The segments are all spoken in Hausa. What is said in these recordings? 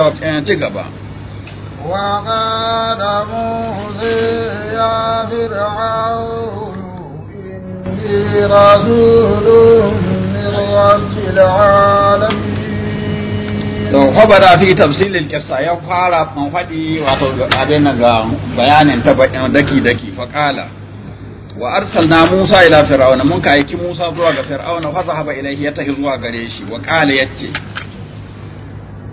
ta ci gaba وقال موسى يا فرعون إني رسول من رب العالمين to khabara fi tafsil al-qissa ya fara man fadi wato abin ga bayanin ta daki daki fa qala wa arsalna Musa ila fir'auna mun ka aiki Musa zuwa ga fir'auna fa zahaba ilayhi ya tahi zuwa gare shi wa ya ce.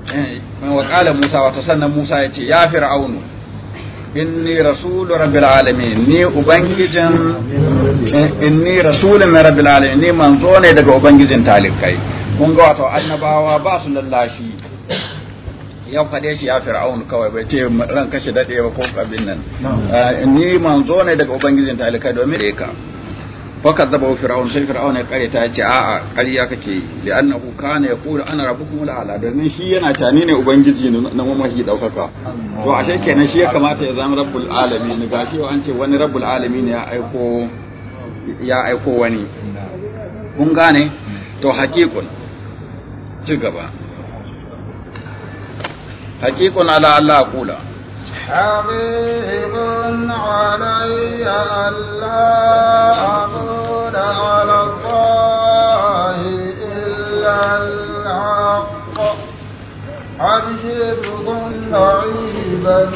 Eh, wa qala Musa wato sannan Musa ya ce ya fir'aunu inni rasulu rabbil alamin ni ubangijin eh, inni rasulun rabbil alamin ni manzo daga ubangijin talikai kun ga wato annabawa ba su lallashi ya faɗe shi ya fir'aun kawai bai ce ran kashe daɗe ba ko abin nan eh, ni manzo ne daga ubangijin talikai domin ka fakar zaba fir'aun sai fir'aun ya kare ta ce a'a ƙarya kake yi da annahu kana yaqulu ana rabbukum al'ala domin shi yana tani ne ubangiji na mamahi daukaka to ashe kenan shi ya kamata ya zama rabbul alamin ga shi an ce wani rabbul alamin ya aiko ya aiko wani kun gane to haqiqun ci gaba haqiqun ala Allah kula حبيب علي ألا أمود على الله إلا الحق أجب ضعيبا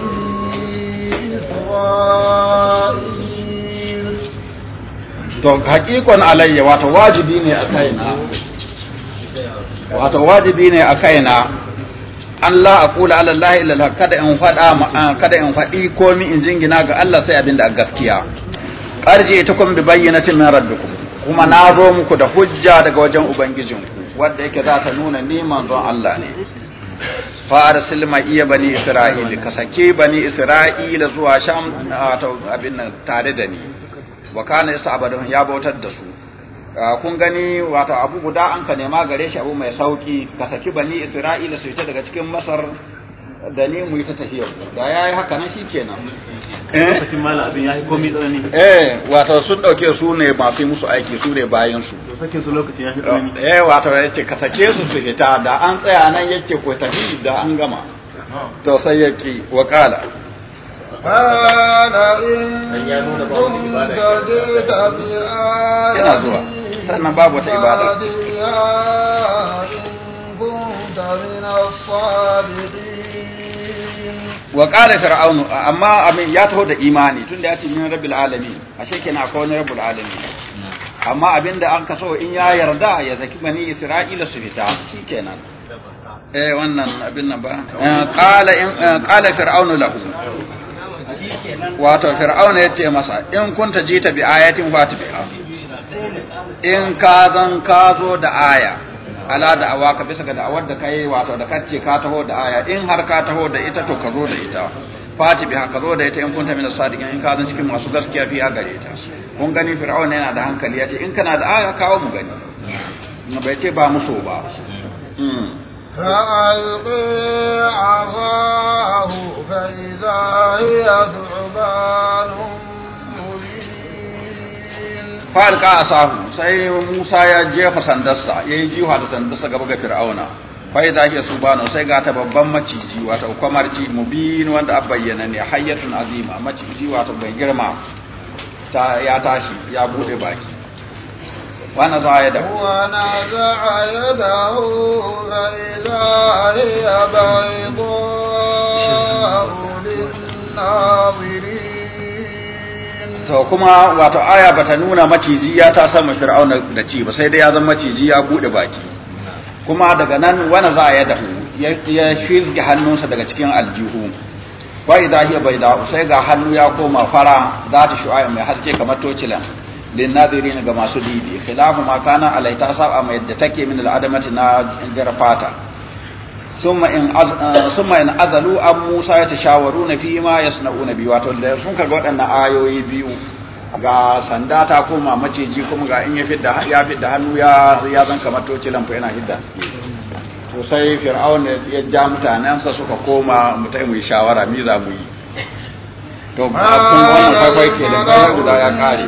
To, hakikon alayya wato wajibi ne a kaina, wato ne a kaina Allah a ala Allah kada in fada ah, kada in fadi komi in jingina ga Allah sai abin abinda gaskiya qarje ita kuma bi bayyinatin min rabbikum kuma na zo muku da hujja daga wajen ubangijinku wanda yake za ta nuna ni manzon Allah ne fara silma iya bani isra'ila ka sake bani isra'ila zuwa sham ah, abin nan tare da ni wa kana isa abadan ya bautar da su Ah, kun gani wato abu guda an ka nema gare shi abu mai sauki ka saki bani isra'ila su fita daga cikin masar da ni mu yi ta tafiya da ya yi haka nan shi kenan eh? lokacin mala abin ya yi komi tsanani eh wato sun dauke su ne masu musu aiki su ne bayan su to su lokacin ya yi tsanani eh, eh wato yace ka sake su su fita da an tsaya nan yace ko tafi da an gama to sai yake wa kala قال إن كنت جئت بآية sannan babu wata ibada wa qala fir'aun amma amin ya taho da imani tunda ya ce min rabbil alamin ashe kenan akwai wani rabbil alamin amma abinda an kaso in ya yarda ya saki bani isra'ila su fita kenan. eh wannan abin nan ba eh, eh, qala Fir'aunu qala lahu wato Fir'aunu ya ce masa in kunta jita bi ayatin fatiha in ka zan ka zo da aya ala da awa ka bisa ga da'awar da kai wato da kace ka taho da aya in har ka taho da ita to ka zo da ita fati biha ka zo da ita in kunta min sadiqin in ka zan cikin masu gaskiya fi gare ta kun gani fir'auna yana da hankali ce in kana da aya kawo mu gani bai ce ba muso ba فألقي عصاه فإذا هي ثعبان a sahu sai Musa ya jefa sandarsa ya yayi jiwa da sandarsa gaba ga Fir'auna fai da ke bano sai ga ta babban maciji kwamar ci mubin wanda a bayyana ne hayyatun azima maciji wata bai girma ta ya tashi ya bude baki wana za ya da da to kuma wato aya bata nuna maciji ya ta sama fir'auna da ci ba sai dai ya zama maciji ya bude baki kuma daga nan wani za a yadda ya shizge hannunsa daga cikin aljihu wa idza hiya bayda sai ga hannu ya koma fara za ta shu'a mai haske kamar tocilan lin nadirin ga masu dibi khilafu ma kana alaita sab'a mai da take min al'adamati na garfata summa in in azalu an Musa ya tashawaru na fi ma yasnauna bi wato da sun kaga waɗannan ayoyi biyu ga sanda ta koma maciji kuma ga in ya fidda ya fidda hannu ya ya zan kamar toci lamfa yana hidda to sai fir'aun ya ja mutanensa suka koma mu tai mu shawara mi za mu yi to kun wannan faifai ke da guda ya kare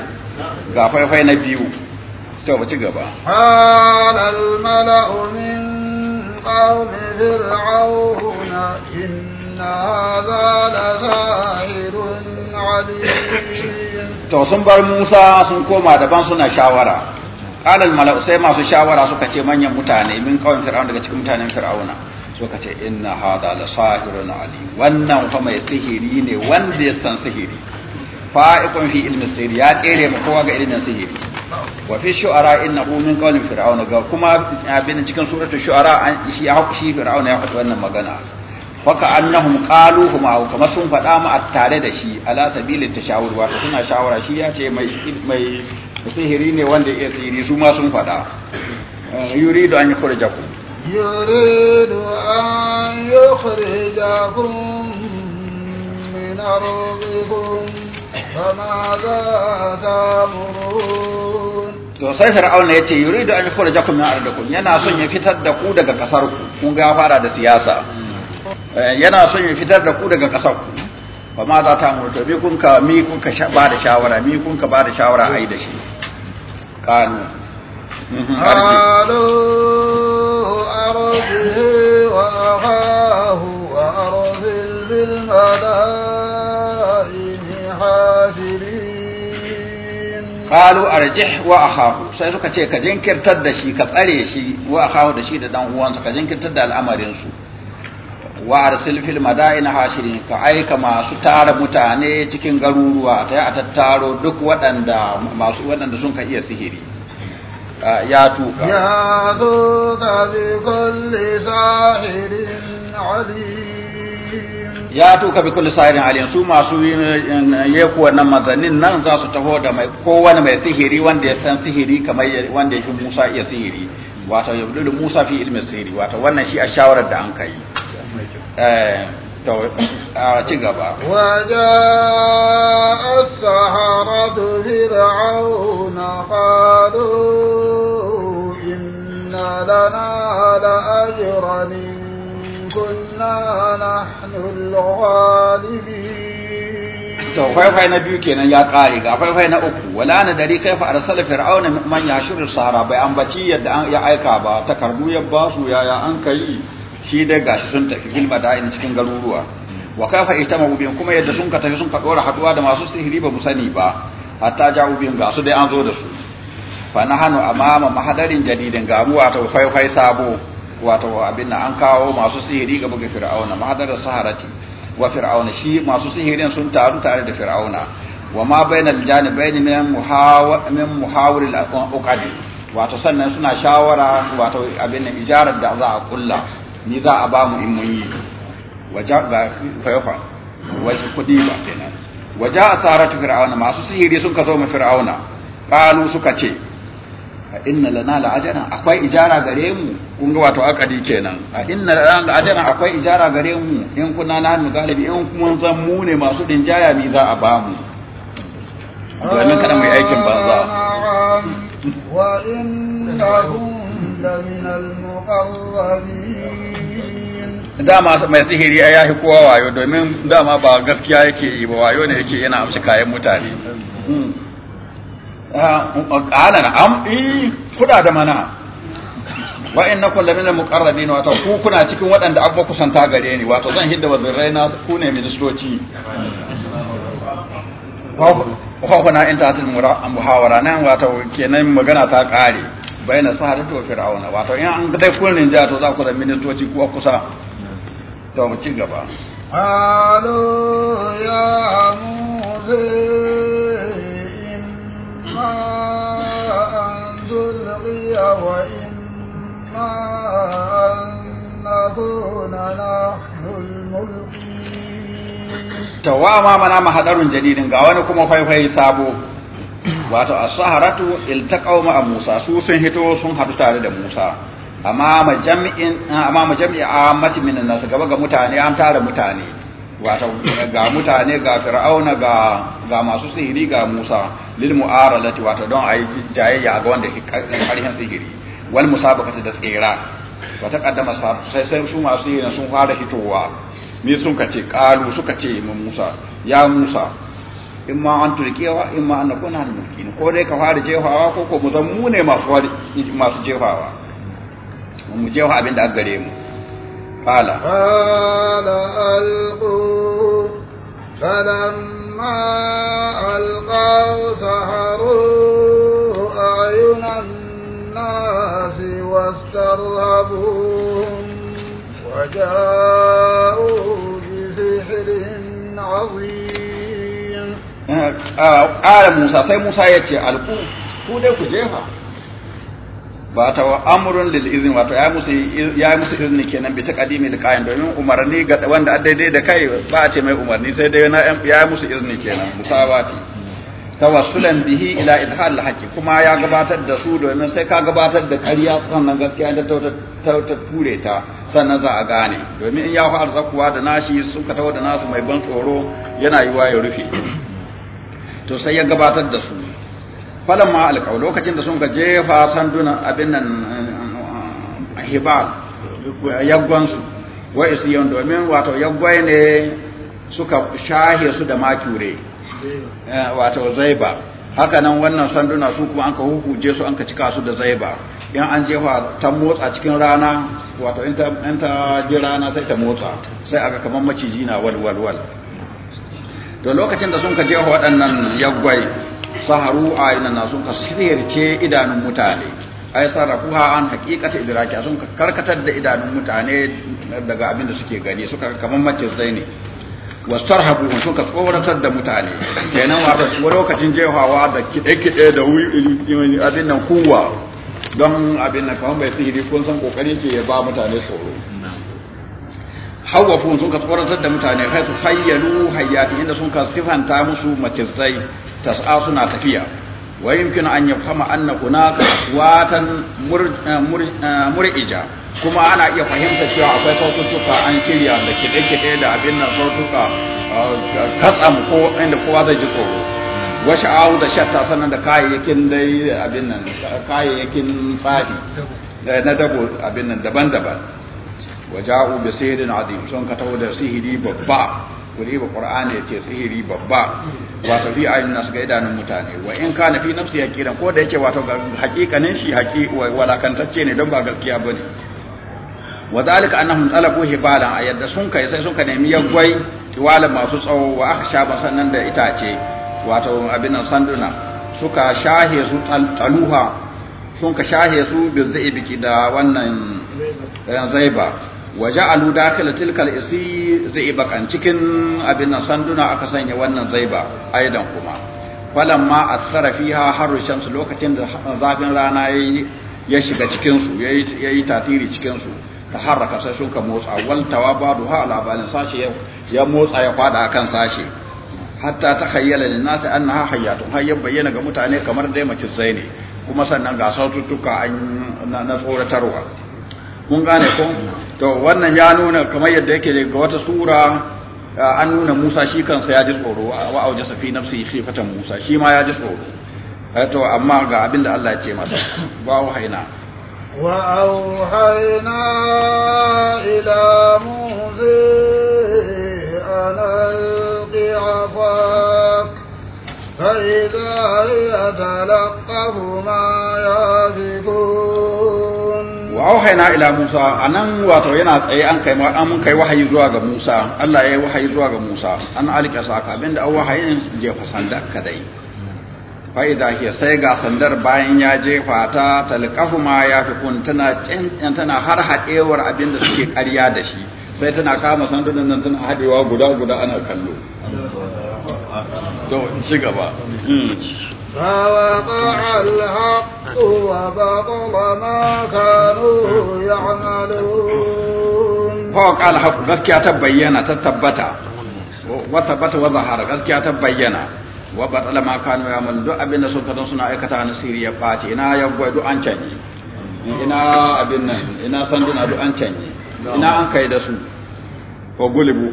ga faifai na biyu to ba ci gaba mala'u min قوم فرعون إن هذا لساحر عليم to sun bar Musa sun koma daban suna shawara qalal mala'u sai masu shawara suka ce manyan mutane min kawai daga cikin mutanen fir'auna suka ce inna hada la sahirun ali wannan fa mai sihiri ne wanda ya san sihiri fa'ikun fi ilmi sihiri ya tsere mu kowa ga ilimin sihiri wafi fi shu'ara innahu min qawlin fir'auna ga kuma abin cikin suratul shu'ara an shi shi fir'aun ya faɗi wannan magana faka annahum qalu huma kuma sun faɗa ma a tare da shi ala sabilin tashawur wato suna shawara shi ya ce mai mai sihiri ne wanda ya sihiri su ma sun faɗa eh, yuridu an yukhrijakum yuridu an yukhrijakum min ardikum فماذا تأمرون to sai fir'aun ya ce yuridu an kum min ardikum yana son ya fitar da ku daga kasar ku kun ga fara da siyasa eh, yana son ya fitar da ku daga kasar ku fa ma za ta mu to bi kun ka mi kun ka ba da shawara mi kun ka ba da shawara ai da shi kanu mhm, qalu arji wa ahahu wa arbil bil madaini hafid qalu arjih wa sai suka ce ka jinkirtar da shi ka tsare shi wa akahu da shi da dan uwansa ka jinkirtar da al'amarin su wa arsil fil madain hashirin ka aika masu tara mutane cikin garuruwa ta a tattaro duk waɗanda masu waɗanda sun ka iya sihiri ya tuka ya ta bi kulli sahirin alim ya tuka bi kulli sahirin alim su masu yeku wannan mazanin nan za su taho da mai kowane mai sihiri wanda ya san sihiri kamar wanda yake Musa iya sihiri wato yabdu Musa fi ilmi sihiri wato wannan shi a shawarar da an kai eh to a ci gaba wa ja'a as-saharatu fir'auna qalu inna lana la ajran كنا نحن الغالبين يا na biyu kenan ya kare ga faifai na uku wala ارسل فرعون من arsala fir'auna باي ان باتي يد ان yadda ya aika ba takardu ya basu ان كاي شي shi dai gashi sun tafi fil madain cikin garuruwa wa kafa itamahu bihim kuma yadda sun ka tafi sun ka dora haduwa da masu sihiri ba musani ba hatta ja'u bihim ga su dai an zo da su fa nahanu amama mahadarin jadidin ga ta fayfay sabo wato abin nan an kawo masu sihiri ga buga fir'auna mahadarar saharati wa fir'auna shi masu sihirin sun taru tare da fir'auna wa ma bainal janibaini min muhawa min muhawar. al wato sannan suna shawara wato abin nan ijarar da za a kulla ni za a ba mu in mun yi waja ba fayafa waje kudi ba kenan waja asaratu fir'auna masu sihiri sun kazo mu fir'auna qalu suka ce a inna lana la'ajana akwai ijara gare mu kun ga wato akadi kenan a inna lana la'ajana akwai ijara gare mu in kuna na hannu galibi in kuma zan mu ne masu dinjaya mi za a bamu domin kada mai aikin banza wa inna min al-muqarrabin dama mai sihiri ya yi kowa wayo domin dama ba gaskiya yake yi ba wayo ne yake yana amshi kayan mutane hmm. qala am kuda da mana wa innakum lamin muqarrabin wato ku kuna cikin waɗanda abba kusanta gare ni wato zan hidda zirrai na ku ne ministoci wa in ta tilmu muhawara nan wato kenan magana ta kare bayna saharatu wa fir'auna wato in an dai kullun jiya to za ku da ministoci kuwa kusa ta mu ci gaba أن تلقي وإما أن نكون نحن الملقين توما منا محضر جديد ga wani kuma faifai sabo wato a saharatu iltaqaw ma Musa su sun hito sun hadu tare da Musa amma majami'in amma majami'a amati min nas gaba ga mutane an tara mutane wato ga mutane ga fir'auna ga ga masu sihiri ga Musa lil mu'aralati wato don ayi jayayya ga wanda ke karhin sihiri wal musabaqati da tsira wata kaddama sai sai su masu yin sun fara hitowa me sun kace qalu suka ce mu Musa ya Musa in ma an turkewa in ma an nakuna mulki ne ko dai ka fara jefawa ko ko mu zan mu ne masu masu jefawa mu jefa abin da aka gare mu fala fala alqu فلما ألقوا سحروا أعين الناس واسترهبوهم وجاءوا بسحر عظيم قال موسى سي موسى يتي ألقوا ku dai ku jefa ba ta wa amrun lil izin wato ya musu ya musu izini kenan bi kadimi al kayan domin umarni ga wanda a daidai da kai ba a ce mai umarni sai dai ya musu izini kenan musawati tawassulan bihi ila idhal haqi kuma ya gabatar da su domin sai ka gabatar da ƙarya sannan gaskiya da ta ture ta sannan za a gane domin in ya fa arzakuwa da nashi suka tawo da nasu mai ban tsoro yana yiwa ya rufe to sai ya gabatar da su falan ma alƙaw lokacin da sun ga jefa sandunan abin nan a eh, eh, hibar yaggonsu wa domin wato yaggwai ne suka shahe su da makure eh, wato zaiba Hakanan wannan sanduna su kuma an ka hukuje su an ka cika su da zaiba in an jefa ta motsa cikin rana wato in ta ji rana sai ta motsa sai aka kamar maciji na walwalwal to lokacin da sun ka jefa waɗannan yaggwai saharu a ina na sun ka sirce idanun mutane ai sarrafuha an haqiqata idraki sun ka karkatar da idanun mutane daga abin da suke gani suka kaman mace zai ne wastarhabu sun ka tsoratar da mutane kenan wa lokacin jehawa da kide-kide da abin nan kuwa don abin nan kawon bai sihiri kun san kokari ke ya ba mutane tsoro hawafun sun ka tsoratar da mutane kai su hayyalu hayyati inda sun ka sifanta musu sai. tas'a suna tafiya wa yumkinu an yafhama anna hunaka watan eh, eh, mur'ija kuma ana iya fahimta cewa akwai sautuka an shirya da kide-kide da abin nan sautuka eh, katsam ko inda kowa zai ji tsoro wa sha'awu da shatta sannan da kayayyakin dai abin nan kayayyakin tsafi na dabo abin nan daban-daban ja'u bi sayyidin azim sun ka tawo da sihiri babba ku ba qur'ani ce sihiri babba wato fi ayyun nas ga idanun mutane wa in kana fi nafsi hakiran? ko da yake wato hakikanin shi haki walakantacce ne don ba gaskiya bane wa zalika annahum talaku hibalan ayadda sun kai sai sun ka nemi yagwai tiwala masu tsawo wa aka sha ba sannan da itace wato abin sanduna suka shahe su taluha sun ka shahe su bi biki da wannan eh, zaiba waja'alu dakhil tilkal isi zaibakan cikin abin nan sanduna aka sanya wannan zaiba aidan kuma falamma asara fiha haru shams lokacin da zafin rana yayi ya shiga cikin su yayi yayi tasiri cikin su haraka sai shuka motsa wal tawabadu ha ala balin sashi ya motsa ya fada akan sashi hatta takhayyala lin nasi annaha hayyatun har ya bayyana ga mutane kamar dai mace sai ne kuma sannan ga sautuka an na tsoratarwa mun gane ko to wannan ya nuna kamar yadda yake ga wata sura an nuna Musa shi kansa ya ji tsoro wa auja safi nafsi khifatan Musa shi ma ya ji tsoro to amma ga abin da Allah ya ce masa ba haina. wa auhayna ila muzi an alqi afak fa idha yatalaqqahu ma wa ila Musa anan wato yana tsaye an kai an kai wahayi zuwa ga Musa Allah ya yi wahayi zuwa ga Musa an alika saka abinda an wahayin jefa sandar kadai fa idha hiya sai ga sandar bayan ya jefa ta talqahu ma yafikun tana tana har hadewar abinda suke ƙarya da shi sai tana kama sandunan nan tana hadewa guda guda ana kallo to ci gaba hmm. فوقع الحق وبطل ما كانوا يعملون فوقع الحق غسكي تبين تتبتا وتبت وظهر غسكي تبين وبطل ما كانوا يعملون دو أبن سنة سنة أكتا نسيري يفاتي إنا يبوي دو أنشاني ina abin nan سندنا sanduna duk an canye ina an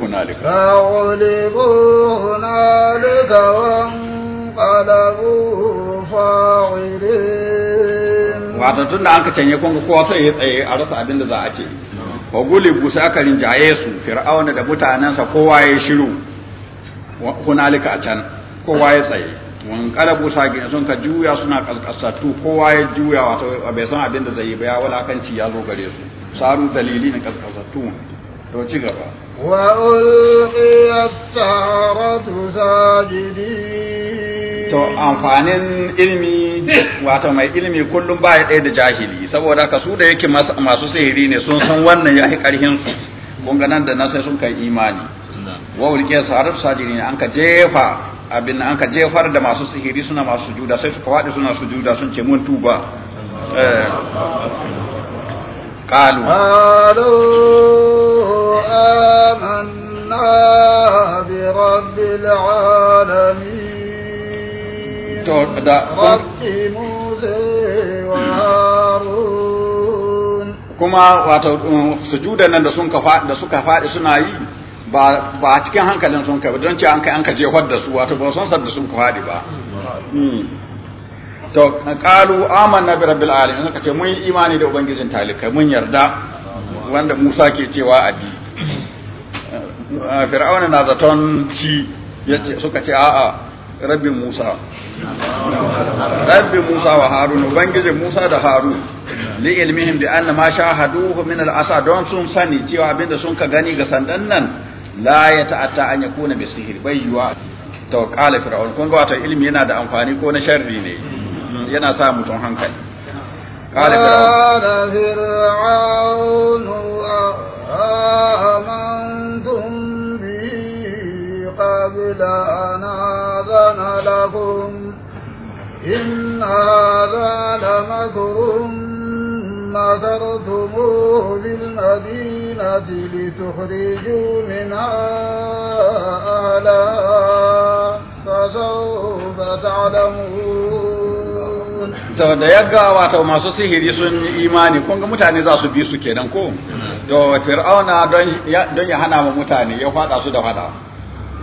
هنالك da هنالك ko انقلبوا wato tun da aka canye kwanga kowa sai ya tsaye a rasa abin za a ce wa gole sai aka rinjaye su fir'auna da mutanensa kowa ya shiru hunalika a can kowa ya tsaye wani kalabu gina sun ka juya suna kaskasattu kowa ya juya wato bai san abin zai yi ba ya walakanci ya zo gare su saru dalili na kaskasattu to ci gaba wa ulqiyat sajidin to amfanin ilmi wato mai ilmi kullum ba ya ɗaya da jahili saboda ka su da yake masu sihiri ne sun san wannan ya fi ƙarhin su kun ga nan da na sai sun kai imani wa ulke sarf sajiri an ka jefa abin an ka jefar da masu sihiri suna masu sujuda sai suka wadi suna sujuda sun ce mun tuba قالوا قالوا آمنا to da kuma wato sujuda nan da sun ka da suka fadi suna yi ba ba cikin hankalin sun kai ba don ce an kai an kaje jefar da su wato ba sun san da sun ka fadi ba hmm. to qalu amanna bi rabbil alamin suka ce mun yi imani da ubangijin talikai mun yarda wanda Musa ke cewa a ji eh, fir'auna na zaton shi yace suka ce a'a rabin Musa rabin Musa wa Harun ubangijin Musa da Harun li ilmihim bi anna ma shahaduhu min al’asa don sun sani cewa abinda sun ka gani ga sandan nan la ya ta'atta an kuna bi sihir bai yuwa ta kala fir'aun kun wata wato ilmi yana da amfani ko na sharri ne yana sa mutum hankali kala fir'aun amantum bi qabla ana أذن لكم إن هذا لمكر مكرتموه بالمدينة لتخرجوا منها أهلها فسوف تعلمون to da ya ga wato masu sihiri sun yi imani kun ga mutane za su bi su kenan ko to fir'auna don ya hana mu mutane ya fada su da fada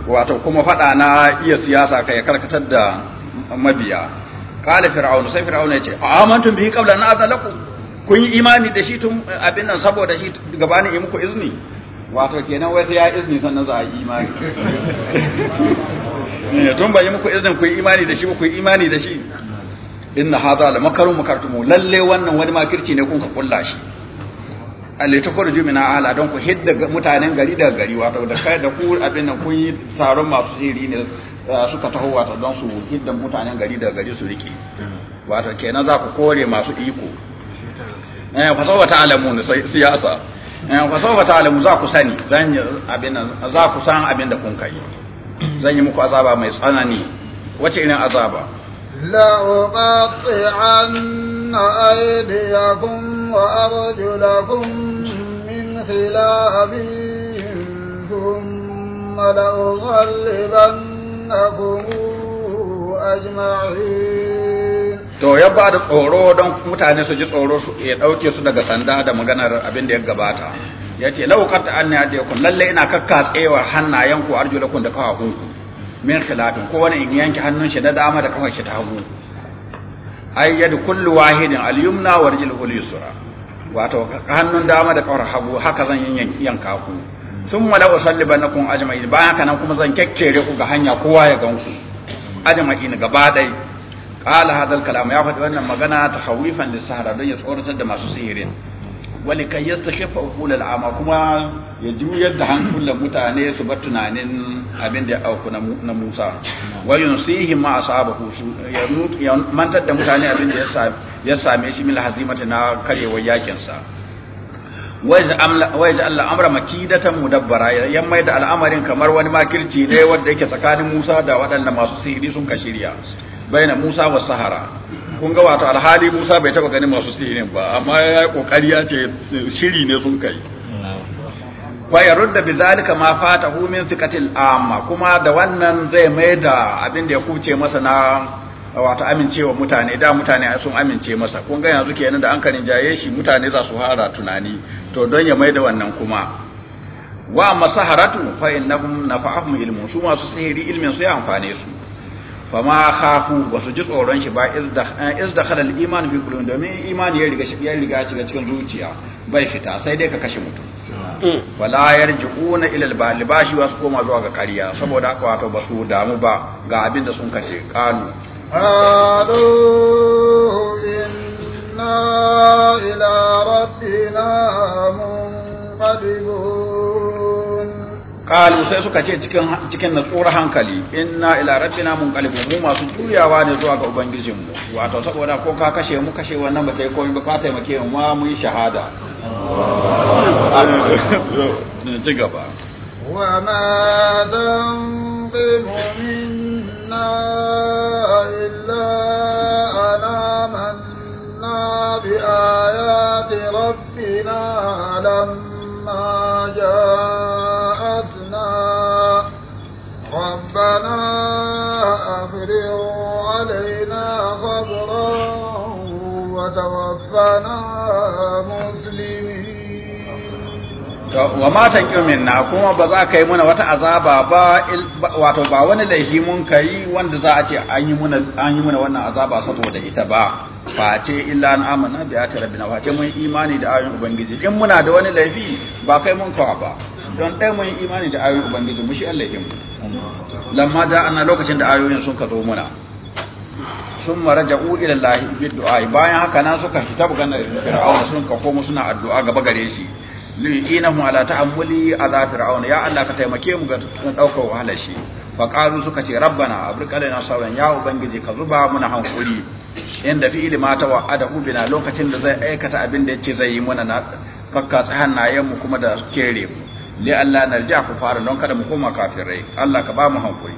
wato kuma faɗa na iya siyasa ka ya karkatar da mabiya kala fir'aun sai fir'aun ya ce amantum bihi qabla an azala lakum kun yi imani da shi tun eh, abin nan saboda shi gabanin yi muku izini wato kenan wai sai ya izini sannan za a yi imani eh, tun ba yi muku izinin ku yi imani da shi ba ku yi imani da shi inna hadha la makaru makartumu lalle wannan wani makirci ne kun ka kulla shi alitakwaru jumina ala don ku hidda mutanen gari daga gari wato da kai da ku abin nan kun yi taron masu sihiri ne suka taho wato don su hidda mutanen gari daga gari su rike wato kenan za ku kore masu iko eh fa sawata alamu siyasa eh fa sawata alamu za ku sani zan abin nan za ku san abin da kun kai zan yi muku azaba mai tsanani wace irin azaba la uqati'anna aydiyakum وأرجلكم من خلاف ثم لأغلبنكم أجمعين to ya ba da tsoro don mutane su ji tsoro su ya ɗauke su daga sanda da maganar abin da ya gabata ya ce laukata an ya je kun lalle ina kakka kakkatsewar hannayenku arjulakun da kafafunku min khilafin ko wani in yanke hannun shi na dama da kafa shi ta hagu ay kullu wahidin al-yumna wa rijluhu yusra wato hannun dama da kawar hagu haka zan yanka ku thumma la usallibanakum ajma'in bayan haka nan kuma zan kekkere ku ga hanya kowa ya ganku ajma'in gaba dai qala hadal kalam ya faɗi wannan magana tahawifan hawifan sahara don ya tsoratar da masu sihirin wali yastakhifa uqul al kuma ya juyar da hankulan mutane su bar tunanin abin da ya auku na Musa wa yunsihi ma asabahu ya mantar da mutane abin da ya same shi min hazimata na karewar yakin sa wa Allah amra makidatan mudabbara ya mai da al'amarin kamar wani makirci ne wanda yake tsakanin Musa da waɗanda masu sihiri sun kashiriya baina Musa wa Sahara kun ga wato alhali Musa bai taba ganin masu sihirin ba amma ya kokari ya ce shiri ne sun kai wa bi bizalika ma fatahu min fikatil amma kuma da wannan zai mai da abin da ya kuce masa na wato amincewa mutane da mutane sun amince masa kun ga yanzu kenan da an kan jaye shi mutane za su hara tunani to don ya mai da wannan kuma wa masaharatu fa innahum nafa'ahum ilmun su masu sihiri ilmin su ya amfane su fa ma khafu ba su ji tsoron shi ba iz khala al iman fi qulubihim domin imani ya riga ya riga cikin zuciya bai fita sai dai ka kashe mutum Mm. wala yarji'una ila al wasu koma zuwa ga kariya saboda haka wato ba su damu ba ga abin da sun kace qalu qalu inna ila rabbina munqalibun qalu sai suka ce cikin cikin natsuwar hankali inna ila rabbina munqalibun mu masu juyawa ne zuwa ga ubangijinmu wato saboda ko ka kashe mu kashe wannan ba ta yi komai ba ka taimake mu ma mun shahada وما ذنب منا إلا أنا منا بآيات ربنا لما جاءتنا ربنا أفرغ وتوفنا مسلمين wa matan ƙyomin na kuma ba za ka yi muna wata azaba ba wato ba wani laifi mun kai wanda za a ce an yi muna wannan azaba saboda ita ba face illa an amana bi ayati rabbina face mun imani da ayoyin ubangiji in muna da wani laifi ba kai mun kawa ba don ɗaya mun imani da ayoyin ubangiji mu shi Allah ya mu lamma ja anna lokacin da ayoyin sun ka zo muna sun maraja'u ila lahi bi du'a bayan haka nan suka fita bugan fir'auna sun ka komo suna addu'a gaba gare shi li'inahu ala ta'ammuli ala fir'auna ya Allah ka taimake mu ga daukar wahala shi fa qalu suka ce rabbana na sauran ya ubangiji ka zuba muna hankuri inda fi ilma ta wa'adahu bina lokacin da zai aikata abin da yace zai yi muna na kakka hannayen mu kuma da kere mu li Allah narja fara don kada mu koma kafirai Allah ka ba mu hankuri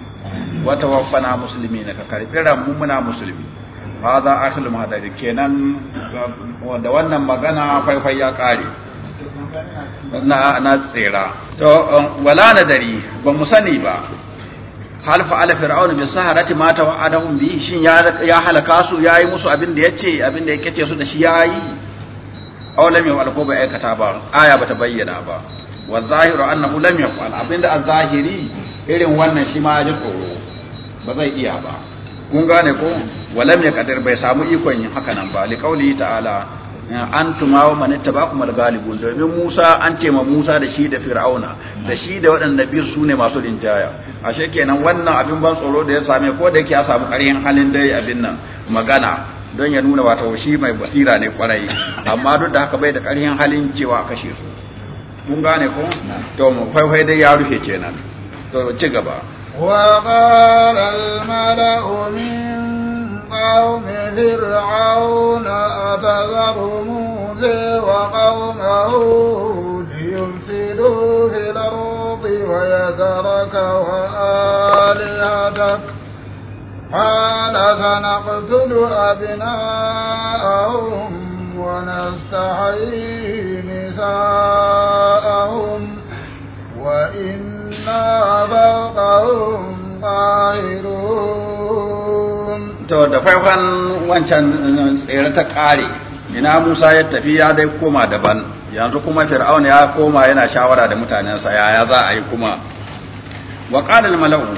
wa tawaffana muslimina ka karfira mu muna musulmi hada akhlu hadari kenan da wannan magana fai ya kare na na tsira to wala nadari ba mu sani ba hal ala fir'aun bi saharati ma tawa'adahum bi shin ya ya halaka su yayi musu abin da yace abin da yake ce su da shi yayi aw lam yawal ba aikata ba aya bata bayyana ba wa zahiru annahu lam yaf'al abinda azahiri irin wannan shi ma ji tsoro ba zai iya ba kun gane ko wa lam yaqdir bai samu ikon yin haka nan ba li qauli ta'ala antum wa man tabakum al-ghalibun domin Musa an ce ma Musa da shi da Fir'auna da shi da waɗanda biyu sune masu rintaya ashe kenan wannan abin ban tsoro da ya same ko da yake ya samu ƙarfin halin dai abin nan magana don ya nuna wato shi mai basira ne kwarai amma duk da haka bai da ƙarfin halin cewa kashe su kun gane ko to mu faifai dai ya rufe kenan to ci gaba wa qala mala'u min qawmi fir'auna atadharu musa wa qawmahu liyufsidu fil قال سنقتل أبناءهم ونستحيي نساءهم وإنا فوقهم قاهرون to da farkon wancan eh, tsere ta ƙare ina Musa ya tafi ya dai koma daban yanzu kuma Fir'aun ya koma yana shawara da mutanensa yaya za a yi kuma wa qala al-mala'u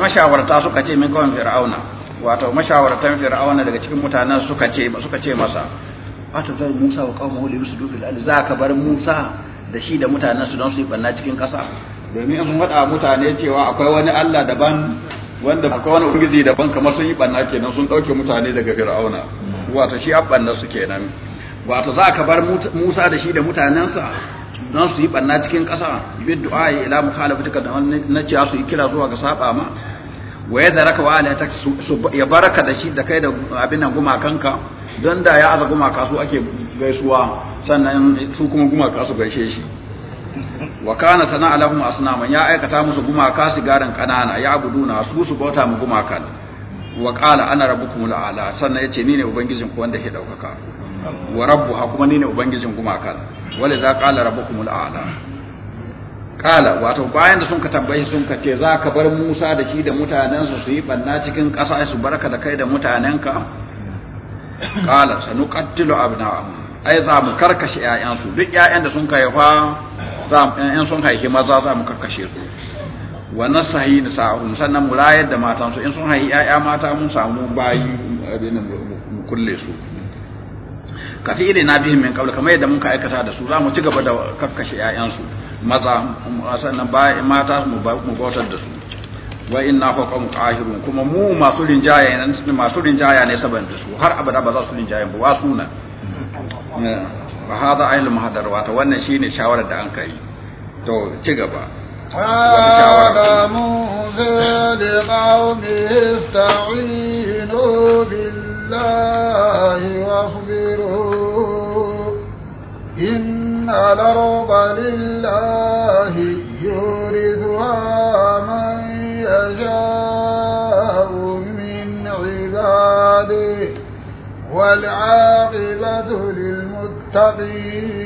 mashawarta suka ce min kawai Fir'auna wato mashawartan fir'auna daga cikin mutanen suka ce suka ce masa atazar Musa wa qaumahu li yusidu fil ardi za ka bar Musa da shi da mutanen su don su yi banna cikin ƙasa domin sun faɗa mutane cewa akwai wani Allah daban wanda akwai wani ubangiji daban kamar sun yi banna kenan sun ɗauke mutane daga fir'auna wato shi banna su kenan wato za ka bar Musa da shi da mutanensa don su yi banna cikin ƙasa bi du'a ila mukhalafatika da na ciya su yi kira zuwa ga saba ma wa yadaraka wa alaytak su ya baraka da shi da kai da abin nan gumakanka don da ya aza gumaka su ake gaisuwa sannan su kuma gumaka su gaishe shi wa kana sana'a lahum asnaman ya aikata musu gumaka sigaran kanana ya abuduna su su bauta mu gumakan wa qala ana rabbukum a'la sannan yace ni ne ubangijin ku wanda ke daukaka wa ha kuma ni ne ubangijin gumakan wala za qala rabbukum a'la kala wato bayan da sun ka tambaye sun ka ce za ka bar Musa da shi da mutanensa su yi banna cikin ƙasa su barka da kai da mutanenka sanu sanuqattilu abna'ahum ai za mu karkashe su duk ƴaƴan da sun fa za mu ƴaƴan sun haihi maza za mu karkashe su wa nasahi nisa'ahum sannan mu rayar da su, in sun haihi ƴaƴa mata mun samu bayi abin mu kulle su ka fi ilina bihim min qabl kamar yadda mun ka aikata da su za mu ci gaba da karkashe su maza sannan mata mu bautar da su wa inna fawqahum qahirun kuma mu masu rinjaya ne masu linjaya ne saboda su har abada ba za su linjaya ba wa suna fa hmm. hada ayyul muhadar wato wannan shine shawarar da an kai to ci gaba قال موسى لقومه استعينوا بالله إن الأرض لله يورثها يشاء من عباده والعاقبة للمتقين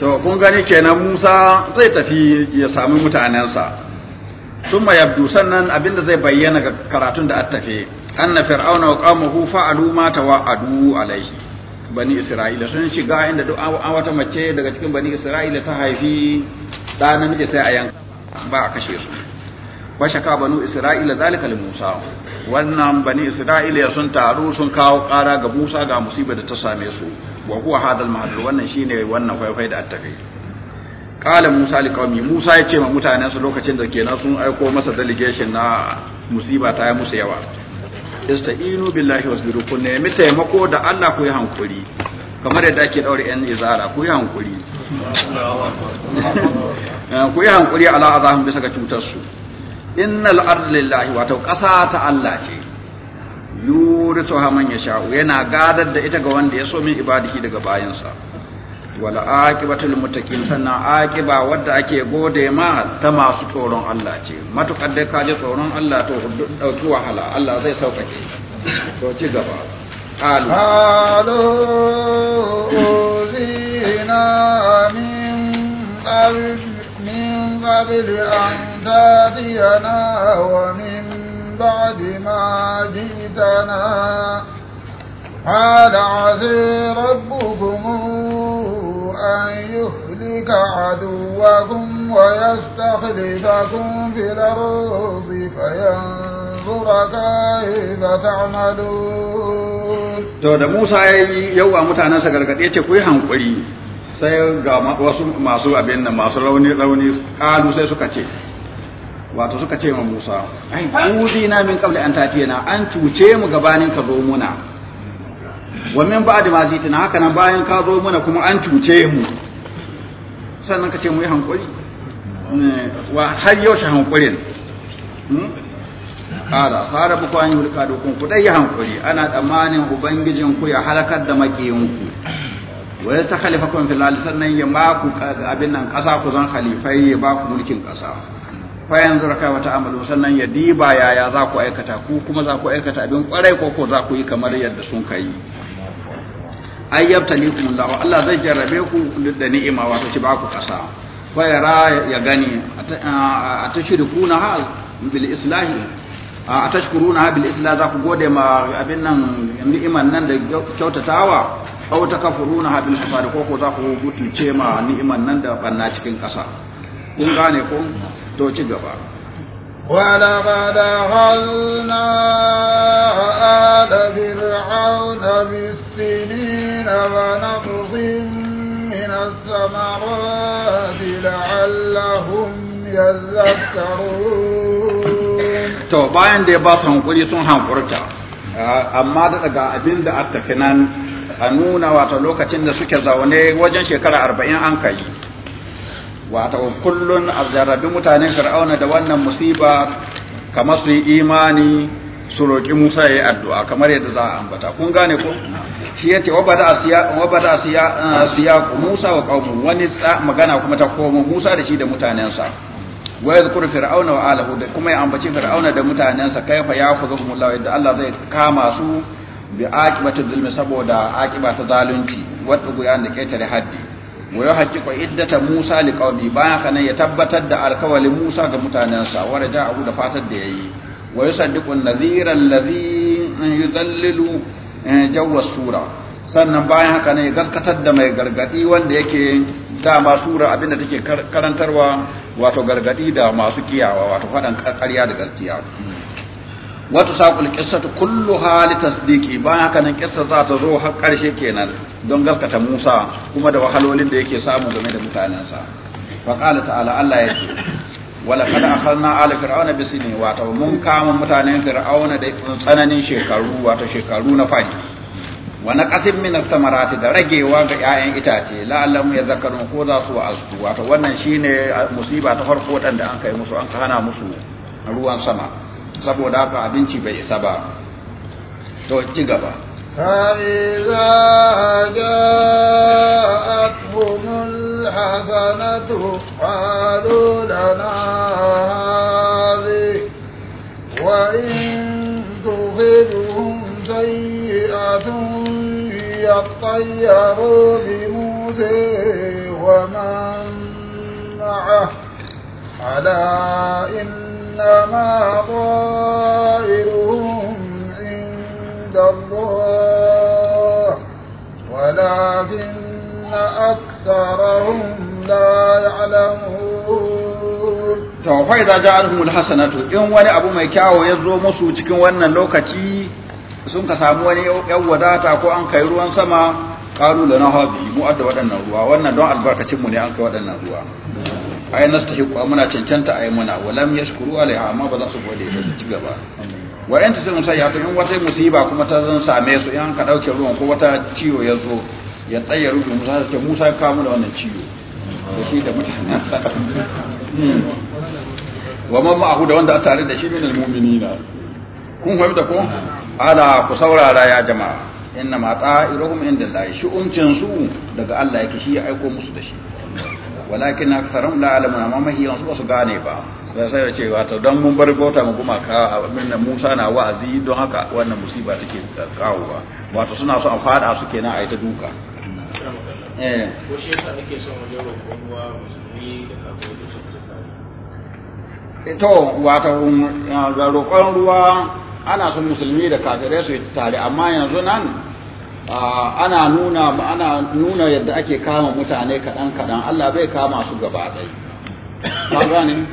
to kun gani kenan Musa zai tafi ya sami mutanensa ثم yabdu sannan abinda zai bayyana ga karatun da attafe anna fir'auna wa qawmuhu fa'alu ma tawa'adu alaihi bani isra'ila sun shiga inda duk wata mace daga cikin bani isra'ila ta haifi da namiji sai a yanka ba a kashe su washaka banu isra'ila zalika li musa wannan bani isra'ila sun taru sun kawo kara ga musa ga musibar da ta same su wa huwa hadal mahdur wannan shine wannan faifai da attakai kala musa li qaumi musa ya ce ma mutanen su lokacin da kenan sun aiko masa delegation na musiba ta yi musu yawa ista'inu billahi wasbiru ku nemi taimako da Allah ku yi hankuri kamar yadda ake daure yan izara ku yi hankuri eh, ku yi hankuri ala azahum bisa ga cutar su innal ardu lillahi wato ƙasa ta Allah ce so ha man yasha yana gadar da ita ga wanda ya so min ibadiki daga bayansa wala aqibatul muttaqin sanna aqiba wadda ake gode ma ta masu tsoron Allah ce matukar da ka ji tsoron Allah to dauki wahala Allah zai saukake to ci gaba qalu qalu min min qabl an تاتينا ومن بعد ما جئتنا قال عسي ربكم أن يهلك عدوكم ويستخلفكم في الأرض فينظر كيف تعملون to da Musa ya yi mutanen sa gargade ce ku hankuri sai ga wasu masu abin nan masu rauni rauni ƙalu sai suka ce wato suka ce ma Musa na min kabla an tatiyana an cuce mu gabanin ka zo muna wa min ba'di ma jitina haka nan bayan ka zo muna kuma an cuce mu sannan ka ce mu yi hankuri wa har yau shi hankurin kada sara ku an yulka da kun ku dai hankuri ana tsammanin ubangijin ku ya halakar da makiyin ku wa ya ta khalifakum fil sannan ya ma ku abin nan kasa ku zan khalifai ya ba ku mulkin kasa fayan zurka wata amalu sannan ya diba yaya za ku aikata ku kuma za ku aikata abin kwarai ko ko za ku yi kamar yadda sun kai ay yabtalikum Allah Allah zai jarrabe ku da ni'ima wato ci ba ku kasa fa yara ya gani atashkuruna ha bil islahi atashkuruna ha bil islah za ku gode ma abin nan ni'iman nan da kyautatawa aw takafuruna ha bil fasad ko ko za ku butulce ma ni'iman nan da banna cikin kasa kun gane ko to ci gaba ولقد أخذنا آل فرعون بالسنين ونقص من الثمرات لعلهم يذكرون to bayan da ya ba su hankuri sun hankurta amma da daga abin da aka fi nan a nuna wata lokacin da suke zaune wajen shekara arba'in an kai wato kullun bi mutanen fir'auna da wannan musiba kamar su yi imani su roki Musa yayi addu'a kamar yadda za a ambata kun gane ko shi yace wa bada asiya wa bada asiya asiya eh, Musa wa qaumu wani magana kuma ta komo Musa da shi da mutanensa wa yadhkuru fir'auna wa alahu da kuma ya ambaci fir'auna da mutanensa kaifa yakhudhuhum Allah yadda Allah zai kama su bi aqibatu dhulmi saboda aƙiba ta zalunci wa tughyan da ƙetare haddi wa yuhaqqiqu iddata Musa liqaumi bayan kana ya tabbatar da alkawalin Musa ga mutanansa wa raja'u da fatar da yayi wa yusaddiqu an-nadhira alladhi eh, yudhallilu eh, jawwa sura sannan bayan haka ne gaskatar da mai gargadi wanda yake dama sura abinda take karantarwa wato gargadi da masu kiyawa wato faɗan ƙarya da gaskiya wata saƙul ƙisatu kullu hali tasdiki bayan haka nan ƙisa za ta zo har ƙarshe kenan don gaskata Musa kuma da wahalolin da yake samu game da mutanensa fa qala ta'ala Allah ya ce wala a akhadna ala fir'auna bisini wato mun kama mutanen fir'auna da tsananin shekaru wato shekaru na fadi wa naqasim min samarati da ragewa ga 'ya'yan itace ya yadhakkarun ko za su wa'azu wato wannan shine musiba ta farko dan da an kai musu an kana musu ruwan sama saboda haka abinci bai isa ba to ci gaba فإذا جاءتهم الحسنة قالوا لنا هذه وإن تفدهم سيئة يطيروا بموسى ومن معه على إن إنما طائرهم عند الله ولكن أكثرهم لا يعلمون to fa idza ja'alhumul hasanatu in wani abu mai kyawo ya zo musu cikin wannan lokaci sun ka samu wani yan wadata ko an kai ruwan sama qalu lana habi mu adda waɗannan ruwa wannan don albarkacin mu ne an kai waɗannan ruwa ai nastahiqu muna cancanta ai muna walam yashkuru alaiha amma ba za su gode ba su ci gaba wa yanta sai musa ya tun wata musiba kuma ta zan same su in ka dauke ruwan ko wata ciwo ya zo ya tsaya rubu musa ta musa ka mu da wannan ciwo da shi da mutane wa man ma'ahu da wanda a tare da shi min almu'minina kun fahimta ko ala ku saurara ya jama'a inna ma ta'iruhum inda Allah shi umcin su daga Allah yake shi ya aiko musu da shi walakin na aktharum la alamuna amma mahi yansu ba su gane ba sai sai ce wata don mun bar bauta mu kuma a abin da Musa na wa'azi don haka wannan musiba take kawo ba Wata suna su a fada su kenan a yi ta duka eh wata roƙon ruwa musulmi da su eh, um, roƙon ruwa ana son musulmi da kafirai su yi tare amma yanzu nan Ah, ana nuna ana nuna yadda ake kama mutane kaɗan kaɗan Allah bai kama su gaba ɗaya ka gane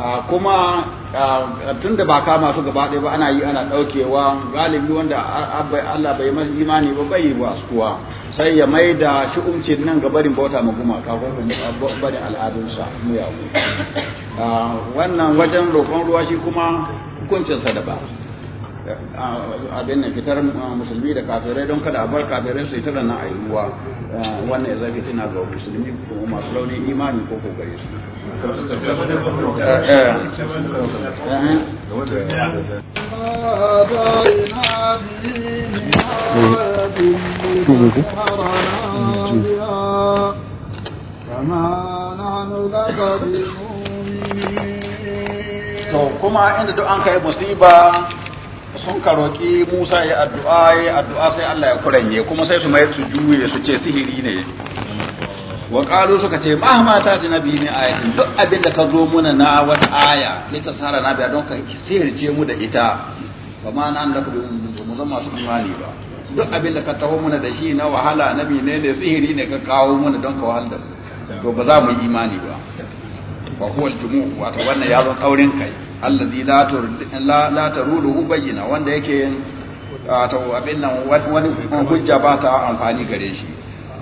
ah, kuma ah, tunda ba kama su gaba ɗaya ba ana yi ana ɗaukewa galibi wanda Allah bai masa imani ba bai waskuwa sai ya mai da shi umcin nan ga barin bauta ma gumaka barin al'adunsa muyawu wannan wajen roƙon ruwa shi kuma hukuncinsa da ba abin nan fitar musulmi da kafirai don kada a bar kafirai su yi tara na ayyuwa wannan ya zafi tana ga musulmi ko masu launin imani ko ko gare su kuma inda duk an kai musiba sun ka roƙi Musa ya addu'a ya addu'a sai Allah ya kuranye kuma sai su mai su juye su ce sihiri ne wa qalu suka ce ma ta ji nabi ne ayatin duk abin da ka zo muna na wata aya ne ta tsara nabi don ka sihirce mu da ita ba ma na Allah ka bi mu zama masu imani ba duk abin da ka taho muna da shi na wahala nabi ne ne sihiri ne ka kawo muna don ka wahala to ba za mu yi imani ba fa huwa al wannan ya zo tsaurin kai allazi la taruduhu bayyana wanda yake wato abin nan wani hujja ba ta amfani gare shi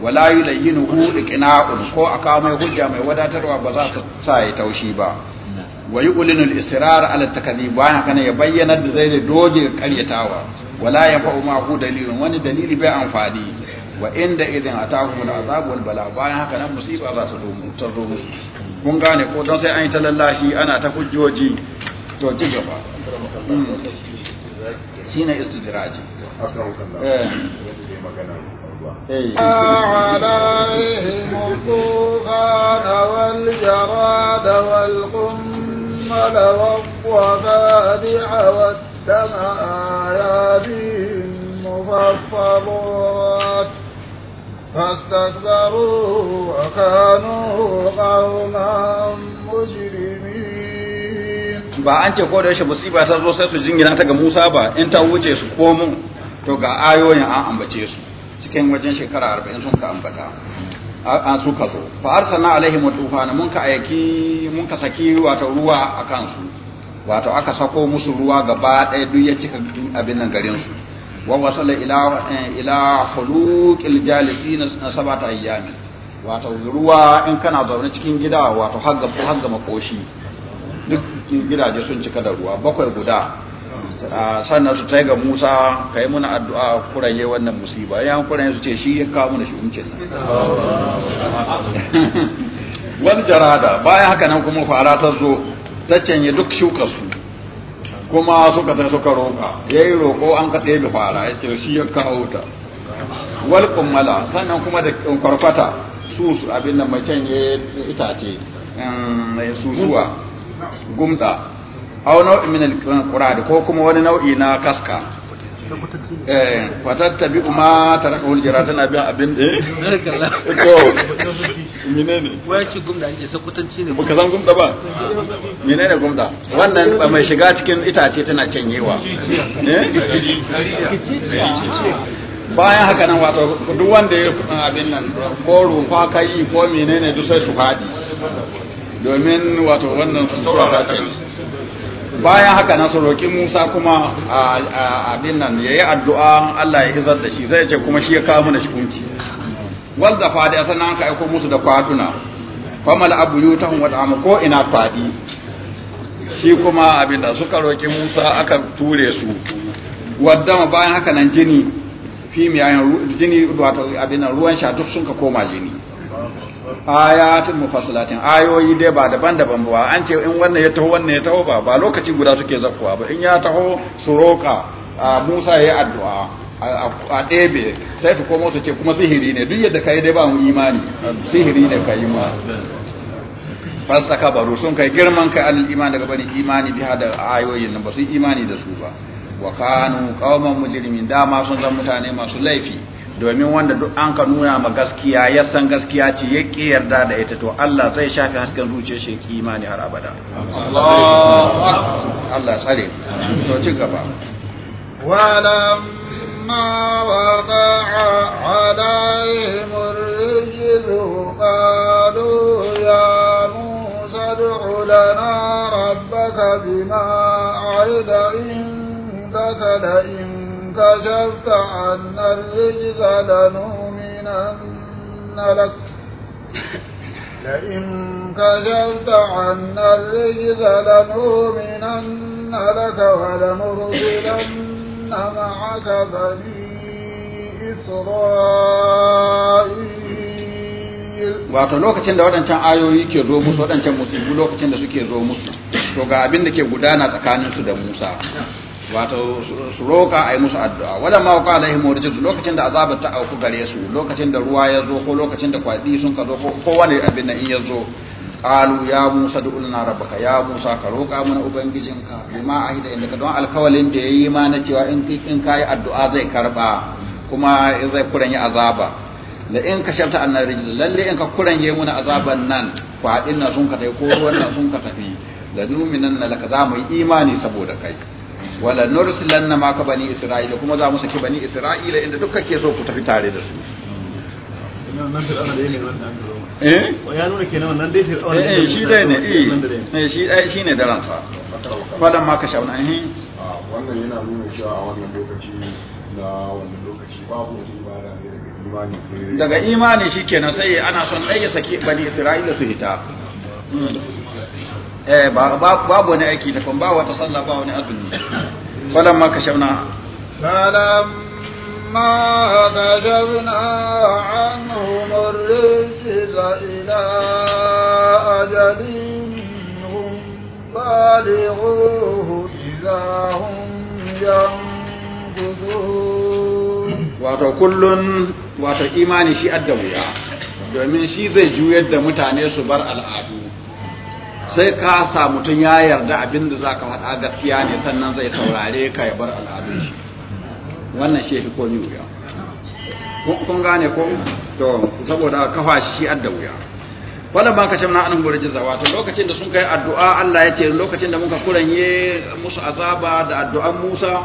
wala yulayyinuhu iqna'un ko aka mai hujja mai wadatarwa ba za ta sa ya taushi ba wa yuqlinul israr ala takdhib wa kana ya bayyana da zai doje karyatawa wala yafa'u ma hu dalilun wani dalili bai amfani wa inda idan atahumul azab wal bala bayan haka nan musiba za ta mu ta dogo kun gane ko don sai an yi ta lallashi ana ta hujjoji to ci gaba shine istidraji عليهم الطوفان والجراد والقمل والضفادع والدم آيات مفصلات فاستكبروا وكانوا قوما ba an ce ko da yaushe musiba ta zo sai su jingina ta ga Musa ba in ta wuce su ko mun? to ga ayoyin an ambace su cikin wajen shekara 40 sun ka ambata an su ka zo fa arsalna alaihim tufana mun ka ayaki mun ka saki wato ruwa akan su wato aka sako musu ruwa gaba ɗaya duk ya cika abin nan garin su wa wasala ila eh, ila khuluqil jalisin sabata ayyami wato ruwa in kana zaune cikin gida wato har ga har ga makoshi gidaje sun cika da ruwa bakwai guda sannan su taiga musa ka yi muna addu'a kuranye wannan musiba ya kuranye su ce shi ya kawo mana shuguncin wani jarada bayan haka nan kuma fara ta zo ta canye duk shuka su kuma suka ta suka roƙa ya yi roƙo an ka ɗebe fara ya ce shi ya kawo ta wal kummala sannan kuma da kwarkwata su abin da mai canye itace um, susuwa gumda aw nau'in min al-qurad ko kuma wani nau'i na kaska eh fatatta bi ma taraka hul jiratan abin abin eh ko menene wace gumda ake sakutanci ne baka san gumda ba menene gumda wannan ba mai shiga cikin itace tana canyewa eh bayan haka nan wato duk wanda ya abin nan ko rufa kai ko menene duk sai su fadi domin wato wannan sura za ta bayan haka na roƙi Musa kuma a abin nan yayi addu'a Allah ya izar da shi sai ce kuma shi ya kawo mana shi kunci wal da fadi a sannan ka aiko musu da kwaduna famal abu ta wa amma ko ina fadi shi kuma abin da suka roƙi Musa aka ture su wadda bayan haka nan jini fi miyayen jini wato abin nan ruwan sha duk sun ka koma jini ayatun mufassalatin ayoyi dai ba daban-daban ba an ce in wannan ya taho wannan ya taho ba ba lokaci guda suke zakkuwa ba in ya taho su roƙa Musa ya yi addu'a a ɗebe sai su komo su ce kuma sihiri ne duk yadda kai dai ba mu imani sihiri ne kai ma fasta baro sun kai girman kai al iman daga bani imani bi hada ayoyin nan ba su imani da su ba wa kanu qauman mujrimin dama sun zan mutane masu laifi domin wanda duk an ka nuna ma gaskiya ya san gaskiya ce ya ƙi yarda da ita to Allah zai shafi hasken zuciyar shi ki imani har abada Allah tsare to ci gaba ولما وقع عليهم الرجل قالوا يا ربك بما عهد da in. كشفت عنا الرجز لنؤمنن لك لئن كشفت عنا الرجز لنؤمنن لك ولنرسلن معك بني إسرائيل wato lokacin da waɗancan ayoyi ke zo musu waɗancan musibu lokacin da suke zo musu to ga abin da ke gudana tsakaninsu da musa wato su roka a yi musu addu'a wala ma waqa alaihim murjid lokacin da azabar ta auku gare su lokacin da ruwa ya zo ko lokacin da kwaɗi sun ka zo ko wani abin na in ya zo ƙalu ya musa da du'ulna rabaka ya musa ka roka mana ubangijinka bima inda Ka don alkawalin da yayi ma na cewa in ka yi addu'a zai karɓa kuma zai yi azaba Da in ka kashafta annar rijz lalle in ka kuranye muna azaban nan kwaɗin na sun ka tafi ko ruwan na sun ka tafi Da numinan na laka za mu yi imani saboda kai wala na maka bani isra'ila kuma za mu saki bani isra'ila inda duk kake so ku tafi tare da su eh? Eh, eh. eh shi dai na daga imani daga imani shikenan sai ana son ɗaya ya saki bani isra'ila su hita hmm. eh babu wani aiki da kun ba wata sallah ba wani azumi falan ma kashafna falan ma kashafna anhu ar ila ajalin hum balighuhu idza hum yanqudun wato kullun wato imani shi adda domin shi zai juyar da mutane su bar al'adu sai ka sa mutum ya yarda abin da za ka faɗa gaskiya ne sannan zai saurare ka ya bar al'adun shi wannan shi ko ni wuya kun gane ko to saboda kafa shi adda wuya wannan ba ka shamna an gurji zawa to lokacin da sun kai addu'a Allah ya ce lokacin da muka kuranye musu azaba da addu'an Musa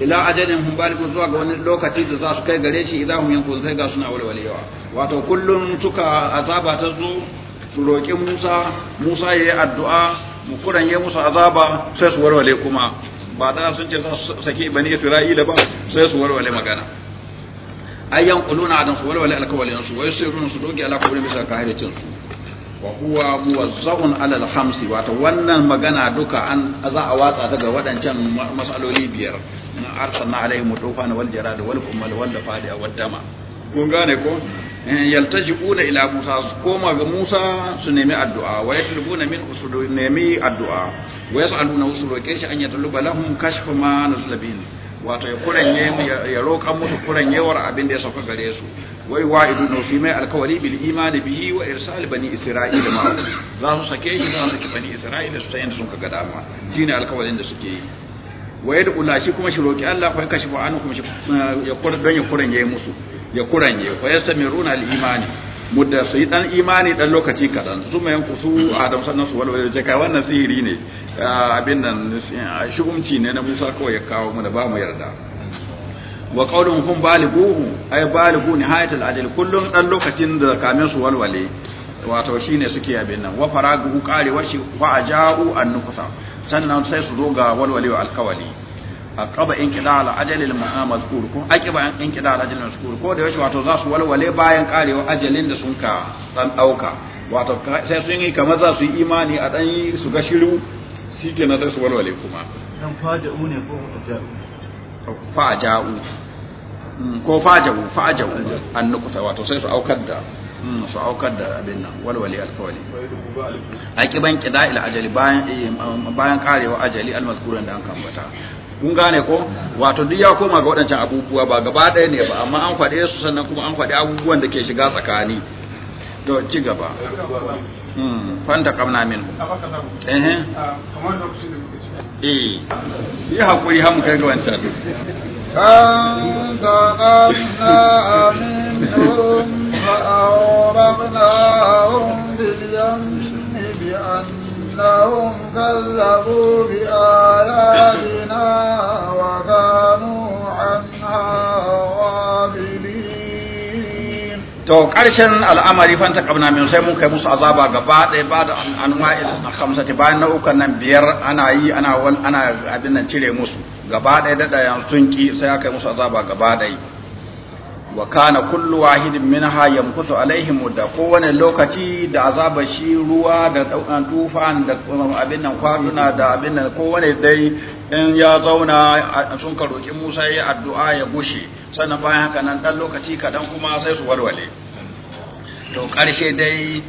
ila ajalin hum baliku zuwa ga wani lokaci da za su kai gare shi idan hum yankun sai ga suna walwalewa wato kullum suka azaba ta zu. su roƙi Musa Musa ya yi addu'a mukuran ya musu azaba sai su warware kuma ba da sun ce za su saki bani Isra'ila ba sai su warware magana ayyan quluna adan su warware alkawalin su wai sai su doge ala kawai bisa kahircin su wa huwa muwazza'un ala alal khamsi wata wannan magana duka an za a watsa daga wadancan masaloli biyar na arsalna alaihim tufana wal jarada wal kumal wal fadiya wad dama kun gane ko Eh, yaltaji'una ila Musa su koma ga Musa su nemi addu'a wa yatlubuna min usudu nemi addu'a wa yas'aluna usul kai shi an yatluba lahum kashfa ma nazlabin bihi wato ya kuranye ya roƙan musu yawar abin da ya sauka gare su wai idu no fi mai alkawari bil imani bihi wa irsal bani isra'ila ma za su sake shi za su sake bani isra'ila su tayin sun kaga dama shine alkawarin da suke yi wa yad'u la shi kuma shi roki Allah fa kashifa anhum eh, ya kuran don ya kuranye musu ya kuranye fa yastamiruna al-imani mudda su yi dan imani dan lokaci kadan su mai kusu adam sannan su Walwale. je kai wannan sihiri ne ah, abin nan shugumci ne na Musa kawai ya kawo mu da ba mu yarda wa qaulun hum balighuhu ay balighu nihayatul ajal kullun dan lokacin da kamin su walwale wato shine suke abin nan wa faragu qari wa shi fa ajau an nufsa sannan sai su zo ga walwale wa alkawali qaba inqida ala ajalil ma'amazkur ko aqiba inqida ala ajalil mazkur ko da yashi wato za su walwale bayan karewa ajalin da sun ka dan dauka wato sai sun yi kamar za su yi imani a dan su ga shiru shikenan sai su walwale kuma dan faja'u ne ko faja'u faja'u hmm, ko faja'u faja'u an nukuta wato sai su aukar da hmm, su aukar da abin nan walwale alkawali a ƙiban ila ajali eh, bayan karewa ajali almazkuran da an kambata kun gane ko wato duk ya koma ga waɗancan abubuwa ba gaba ɗaya ne ba amma an faɗe su sannan kuma an faɗi abubuwan da ke shiga tsakani to ci gaba hmm, fanta kamna min eh eh yi hakuri har mu kai ga wancan fanta kamna min fa awrabna hum bil bi أنهم كذبوا بآياتنا وكانوا عنها غافلين To ƙarshen al'amari, fanta من sai mun kai musu azaba gaba ɗaya ba da anwa'il khamsati bayan nau'ukan nan biyar ana yi ana ana abin nan cire musu gaba ɗaya da yanzu sun sai aka kai musu azaba gaba ɗaya wa kana kullu wahidin minha yamkusu alaihim da kowane lokaci da azaba shi ruwa da daukan tufan da abin nan kwaduna da abin nan kowane dai in ya zauna sun karoki Musa yayi addu'a ya gushe sannan bayan haka nan dan lokaci kadan kuma sai su warware to karshe dai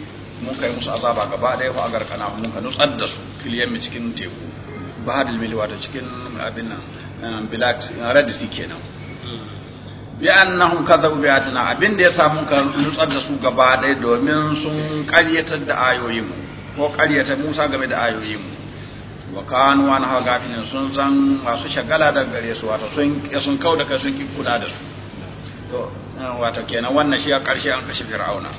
mun kai musu azaba gaba dai ko agar kana mun ka nutsar da su filiyan cikin teku bahadul milwa ta cikin abin nan eh, bilat eh, radisi kenan bi annahum kadzabu bi atina abin da ya samu ka nutsar da su gaba dai domin sun ƙaryatar da ayoyin ko ƙaryata Musa game da ayoyin wa kanu an ha gafilin sun san masu shagala da gare su wato sun sun da kai sun kula da su to wato kenan wannan shi a ƙarshe an kashe fir'auna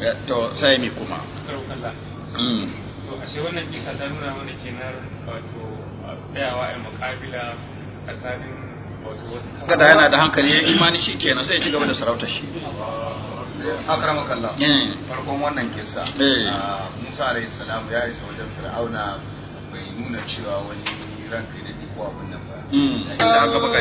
eh, to sai mi kuma mm to ashe wannan kisa ta nuna mana kenan wato tsayawa a muƙabila tsakanin kada yana da hankali ya imani shi kenan sai ya ci gaba da sarautar shi akrama eh. farkon wannan kisa eh. ah, Musa alayhi salam ya yi wajen Fir'auna bai nuna cewa wani ranka da duk abin nan ba hmm. inda aka baka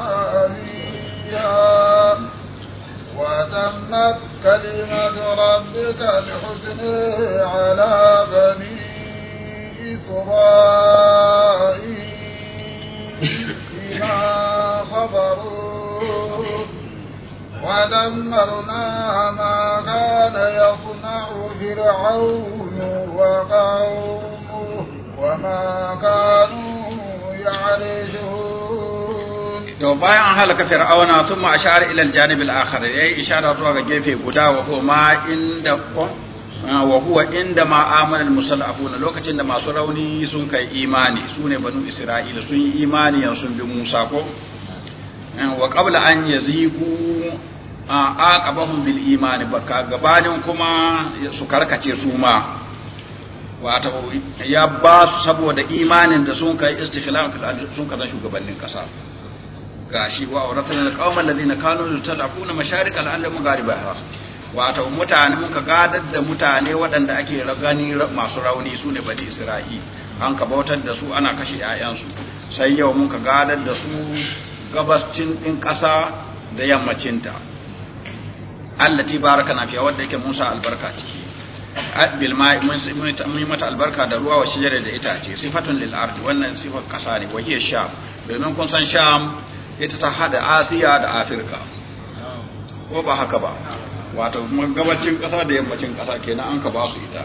da shi وتمت كلمة ربك الحسن على بني إسرائيل بما ودمرنا ما كان يصنع فرعون وقومه وما كانوا يعرشون to bayan halaka fir'auna ma ashar ila aljanib janib al-akhar yayi ishara zuwa ga gefe guda wa ma inda ah, wa huwa inda ma amana al-musallafuna lokacin da masu rauni sun kai imani sune banu isra'ila sun yi imani sun bi musa ko ah, wa qabla an yaziqu ah, aqabahum bil imani baka gabanin kuma su karkace su ma wato ya ba su saboda imanin da sun kai istikhlal sun kazan shugabannin kasa gashi wa auratan qauman ladina kanu yutallafuna masharik al-ardi magharibaha wato mutane muka gadar da mutane waɗanda ake ragani masu rauni su ne bani isra'il an ka bautar da su ana kashe 'ya'yansu sai yau muka gadar da su gabascin ɗin ƙasa da yammacin ta Allah ti baraka na fiya wanda yake musa albarka ciki bil ma'i mun yi mata albarka da ruwa wa shijara da itace sifatun lil ardi wannan sifar ƙasa ne wa hiya sham domin kun san sham ita ta hada asiya da afirka ko ba haka ba wato gabacin ƙasa da yammacin ƙasa kenan an ka ba su ita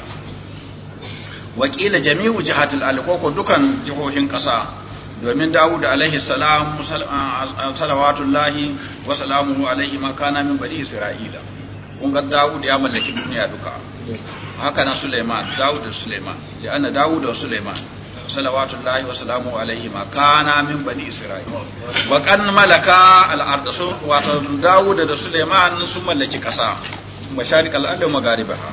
wakila jami'u jihatul alkoko dukan jihohin ƙasa domin dawud alaihi salam salawatullahi wa salamu alaihi ma kana min bani isra'ila kun ga dawud ya mallaki duniya duka haka na suleiman dawud da suleiman ya anna dawud da suleiman salawatullahi wa salamu alaihi ma kana min bani isra'il wa kan malaka al-ard wato Dawud da Suleiman sun mallaki kasa masharik al-ard wa magharibaha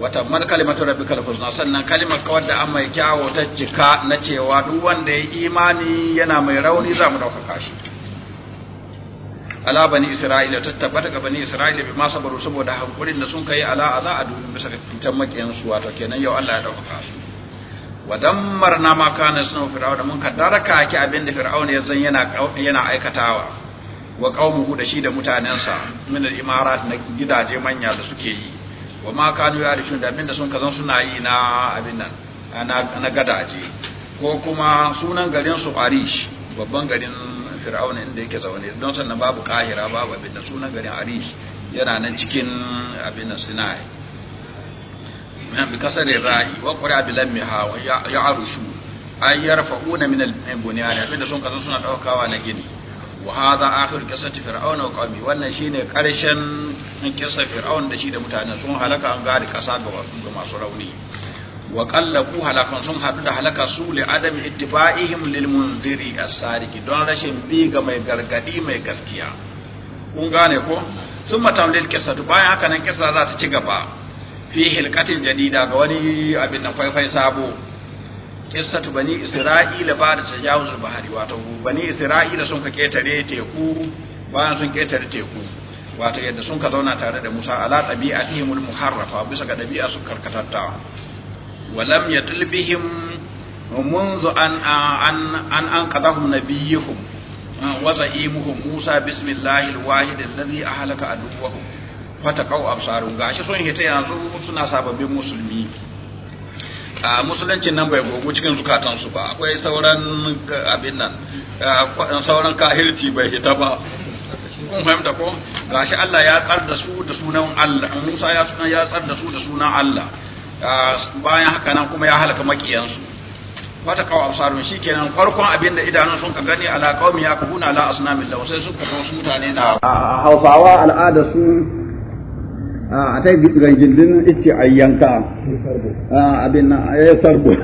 wa tamman kalimatu rabbikal husna sannan kalimar kawar da an mai kyawo ta cika na cewa duk wanda ya imani yana mai rauni za mu dauka kashi. ala bani isra'ila ta tabbata ga bani isra'ila bi ma sabaru saboda hankulin da sun kai ala aza a duniya bisa ga cutar makiyan wato kenan yau Allah ya dauka kashi. wa na ma kana sunu fir'auna mun kaddaraka ake abinda fir'aun ya zan yana yana aikatawa wa qaumuhu da shi da mutanensa min al na gidaje manya da suke yi wa ma ya yarishun da abinda sun kazan suna yi na abin nan na gadaje ko kuma sunan garin su arish babban garin fir'auna inda yake zaune don sannan babu kahira babu abin da sunan garin arish yana nan cikin abin nan sinai bi kasar ra'i wa qura bi lamha wa ya'rushu ay yarfa'una min al-bunyan abinda sun kaza suna daukawa na gini wa hadha akhir qissati fir'auna wa qaumi wannan shine karshen kissa fir'aun da shi da mutanen sun halaka an gari kasa ga masu rauni wa qallaku halakan sun hadu da halaka su li adami ittiba'ihim lil munziri don rashin bi ga mai gargadi mai gaskiya kun gane ko sun matamlil kissa bayan haka nan kisa za ta ci gaba fi hilkatin jadida ga wani abin da faifai sabo Kissatu, bani isra'ila ba da tajawuzul bahari wato bani isra'ila sun ka ketare teku bayan sun ketare teku wato yadda sun ka zauna tare da Musa ala tabi'atihimul muharrafa bisa ga dabi'a su karkatatta walam yatul bihim منذ أن أن an أنقذهم نبيهم وزعيمهم موسى بسم الله الواحد الذي أهلك عدوهم fata kawo absarun gashi sun hita yanzu suna sababbin musulmi a musuluncin nan bai gogo cikin zukatansu ba akwai sauran abin nan sauran kahirci bai hita ba kun fahimta ko gashi Allah ya tsar da su da sunan Allah Musa ya tsar ya tsar da su da sunan Allah bayan haka nan kuma ya halaka makiyansu wata kawo absarun kenan farkon abin da idanun sun ka gani ala qaumi yakuna la asnamin law sai suka kawo su mutane na hausawa al'ada su Ah, a ta yi gindin ice a yanka ah, abin na ya eh, sarbo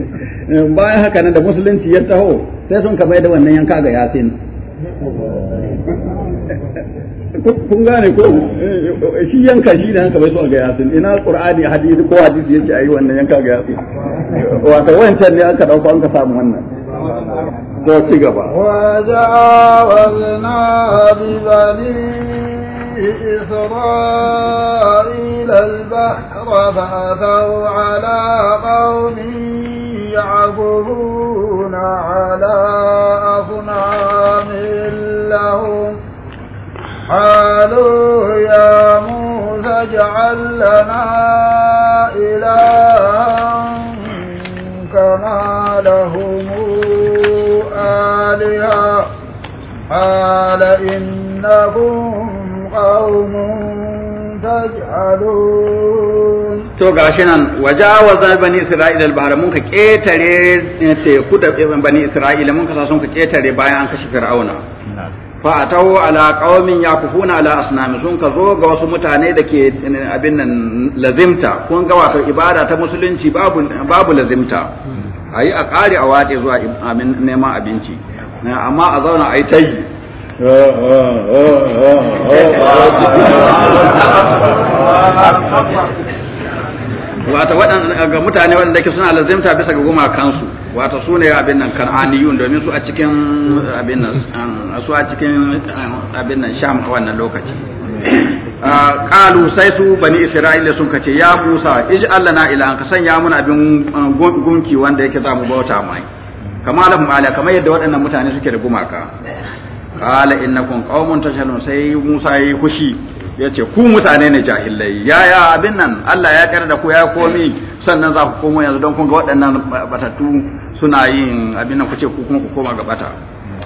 bayan haka nan da musulunci ya taho sai sun kafa da wannan yanka ga yasin kun gane ko eh, shi yanka shi ne haka bai so ga yasin ina qur'ani hadisi ko hadisi yace ayi wannan yanka ga yasin wato wancan ne aka dauko an ka samu wannan Ko ci gaba wa za'a wa bi bani به إسرائيل البحر فأتوا على قوم يعبدون على أصنام لهم قالوا يا موسى اجعل لنا إلها كما لهم آلهة قال إنكم قوم تجعلون to gashi nan wajawaza bani isra'ila al mun ka ketare eh, teku da eh, bani isra'ila mun ka sun ka ketare bayan an kashe fir'auna fa atawu ala qaumin yakufuna ala asnam sun ka zo ga wasu mutane da ke eh, abin nan lazimta kun ga wato ibada ta musulunci babu babu lazimta ayi hmm. a kare a wace zuwa neman abinci amma a zauna ayi tayi wata waɗanda ga mutane waɗanda ke suna lazimta bisa ga gumakansu wata su ne abin nan kan'aniyun domin su a cikin abin nan su a cikin abin nan sham a wannan lokaci ƙalu ah, sai su bani isra'ila sun kace ya musa allah na ila ka sanya mun abin ah, gunki wanda yake zamu bauta mai kama da kamar yadda waɗannan mutane suke da gumaka inna kun qaumun tajhalun sai Musa yayi Ya yace ku mutane ne jahilai ya ya abin nan Allah ya kar da ku ya komi sannan za ku komo yanzu don kun ga waɗannan batatu suna yin abin nan kuce ku kuma ku koma ga bata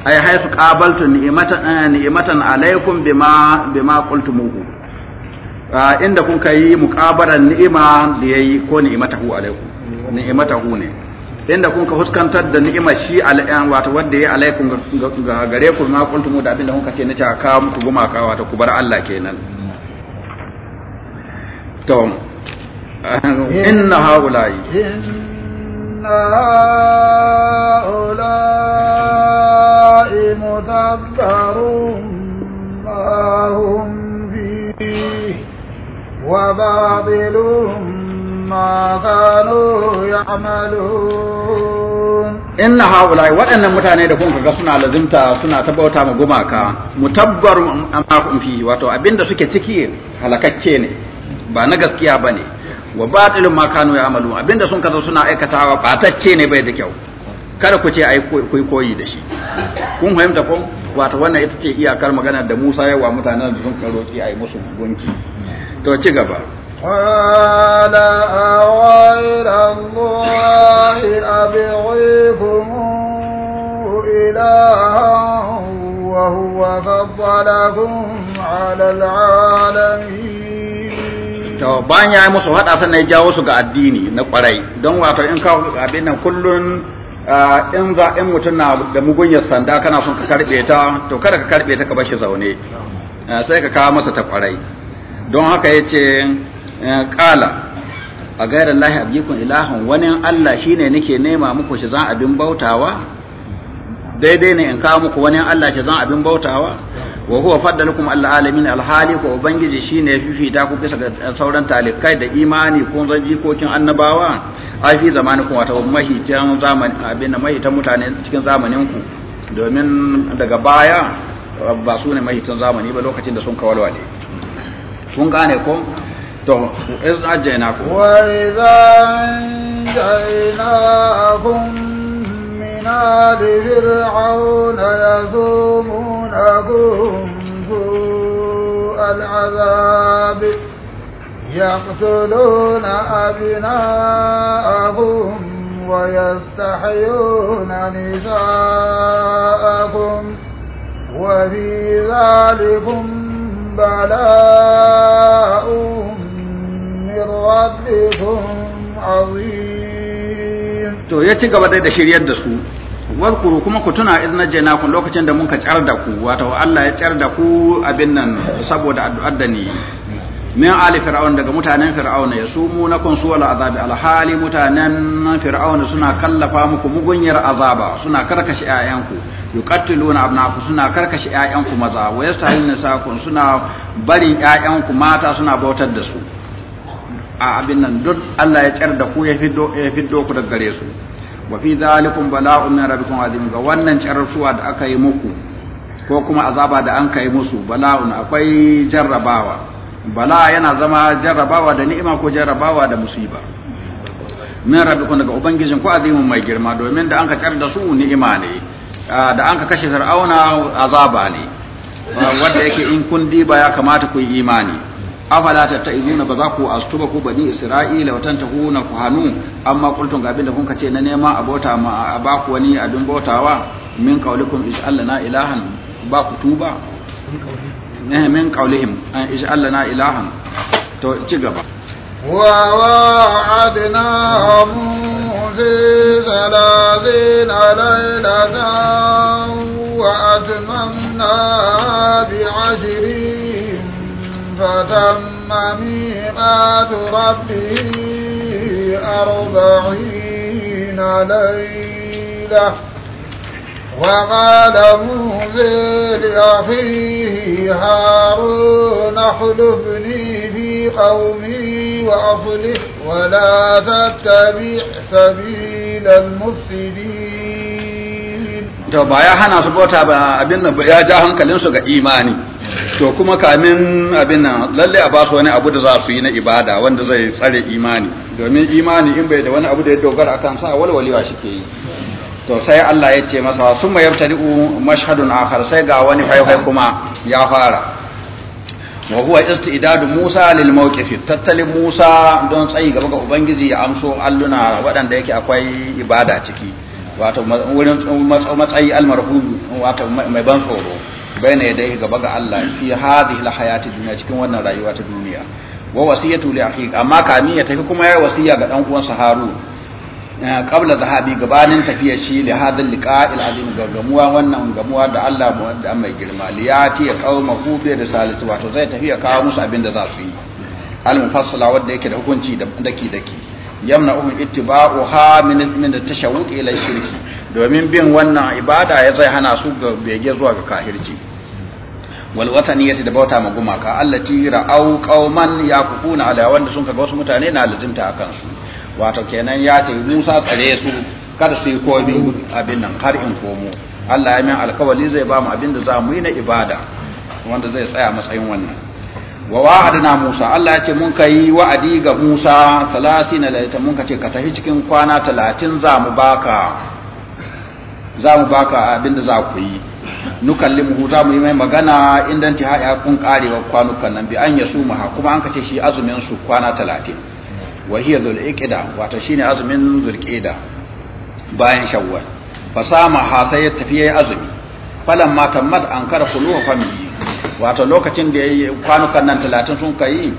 ai haisu qabaltu ni'matan eh, ni'matan alaikum bima bima qultumuhu ah, inda kun kai muqabaran ni'ima da yayi ko ni'matahu alaikum ni'matahu ne inda kun ka huskantar da ni'ima shi al'an eh, wato wanda ya alaikum ga gare ku na kuntumu da abinda kun ka ce nace ka muku gumaka wato ku bar Allah kenan to eh, inna haulai inna haulai mutabbarun ma hum bi wa babilun ما كانوا يعملون إن هؤلاء وأن suna دكون suna لزمتا سنة تبوتا مغماكا متبر أماكم فيه واتو أبين دا سكي تكي ne ba na gaskiya ba ne wa batilin makanu ya amalu abinda sun kaza suna aikatawa batacce ne bai da kyau kada ku ce ai ku koyi da shi kun fahimta ko wato wannan ita ce iyakar magana da Musa yawa mutanen da sun karoki ai musu gunki to ci gaba قال أغير الله أبغيكم إلها وهو فضلكم على العالمين to bayan ya yi musu haɗa sannan ya jawo su ga addini na kwarai don wato in kawo abin nan kullun in za in mutum na da mugunyar sanda kana son ka karɓe ta to kada ka karɓe ta ka bashi zaune sai ka kawo masa ta kwarai don haka ya ce kala eh, a gairar lahi abgikun ilahun wani Allah shi ne nake nema muku shi zan abin bautawa daidai ne in kawo muku wani Allah shi zan abin bautawa wa huwa lukun Allah alamin alhali ko ubangiji shi ne fifita ku bisa ga sauran talikai da imani ko zan jikokin annabawa ai fi zamanin wato mahitan zamani abin mahitan mutane cikin zamanin ku domin daga baya ba su ne mahitan zamani ba lokacin da sun kawalwale sun gane ko to iz ajaynakum wa من آل فرعون يسومونكم سوء العذاب يقتلون أبناءهم ويستحيون نساءكم وفي ذلكم بلاء من ربكم عظيم gaba dai da shiryar da su wazkuru kuma ku tuna idna ku lokacin da muka tsar da ku wato Allah ya tsar da ku abin nan saboda addu'ar da ni min ali fir'aun daga mutanen fir'auna ya sumu na kun azabi alhali mutanen fir'auna suna kallafa muku mugunyar azaba suna karkashe yayanku yuqattiluna abnaku suna karkashe ku maza wa suna barin yayanku mata suna bautar da su a abin nan duk Allah ya tsar da ku ya fiddo ya fiddo ku daga gare su wa fi zalikum bala'un min rabbikum azim ga wannan da aka yi muku ko kuma azaba da an kai musu bala'un akwai jarrabawa bala yana zama jarrabawa da ni'ima ko jarrabawa da musiba min rabbikum daga ubangijin ku azim mai girma domin da an ka tsar da su ni'ima ne da an ka kashe fir'auna azaba ne wanda yake in kun diba ya kamata ku yi imani afala tattaizuna ba za ku astuba ku bani isra'ila watan ta tahuna ku hannu amma qultum ga abinda kun kace na nema abota ma ba ku wani abin bautawa min qaulikum na ilahan ba ku tuba ne eh, min qaulihim na ilahan to ci gaba wa wa'adna موسى ثلاثين ليلة وأتممنا بعشرين فتم ميقات ربه أربعين ليلة وقال موسى لأخيه هارون احلفني في قومي وأصلح ولا تتبع سبيل المفسدين to ba ya hana su bauta ba abin nan ya ja hankalin su ga imani to kuma kamin abin nan lalle a ba su wani abu da za su yi na ibada wanda zai tsare imani domin imani in bai da wani abu da ya dogara akan sa walwalewa shike yi to sai Allah ya ce masa sun mayar tari'u mashhadun akhar sai ga wani faifai kuma ya fara wa huwa istidadu Musa lil mawqifi tattalin Musa don tsayi gaba ga ubangiji ya amso alluna waɗanda yake akwai ibada ciki wato wurin matsayi almarhum wato mai ban tsoro bayna yadai gaba ga Allah fi hadhihi alhayati duniya cikin wannan rayuwa ta duniya wa wasiyatu li akhi amma kamin ya tafi kuma ya wasiya ga dan uwansa kabla qabla zahabi gabanin tafiya shi li hadal liqa'il azim gamuwa wannan gamuwa da Allah da mai girma liyati ya qauma kufi da salisu wato zai tafi ya kawo musu abin da za su yi al mufassala wanda yake da hukunci da daki daki yamna'uhum ha min min at-tashawwuq ila shirki domin bin wannan ibada ya zai hana su ga bege zuwa ga kahirci wal wataniyati da bauta ma gumaka allati ra'au qauman yakufuna ala wanda sun kaga wasu mutane na lazimta akan su wato kenan ya ce Musa tsare su kada su yi komi abin nan har in komo Allah ya min alkawali zai ba mu abin da za mu yi na ibada wanda zai tsaya matsayin wannan wa wa'adna Musa Allah ya ce mun kai wa'adi ga Musa 30 laita mun ka ce ka tafi cikin kwana 30 za mu baka za mu baka abinda za ku yi nukallimu za mu yi mai magana indan ta ya kun karewa kwanukan nan bi an ya suma ha kuma an ka ce shi azumin su kwana 30 wa hiya zulqida wato shine azumin zulqida bayan shawwal fasama ha sai ya tafi yayin azumi falamma tammat an kara kulu fa min wato lokacin da yayi kwanukan nan 30 sun kai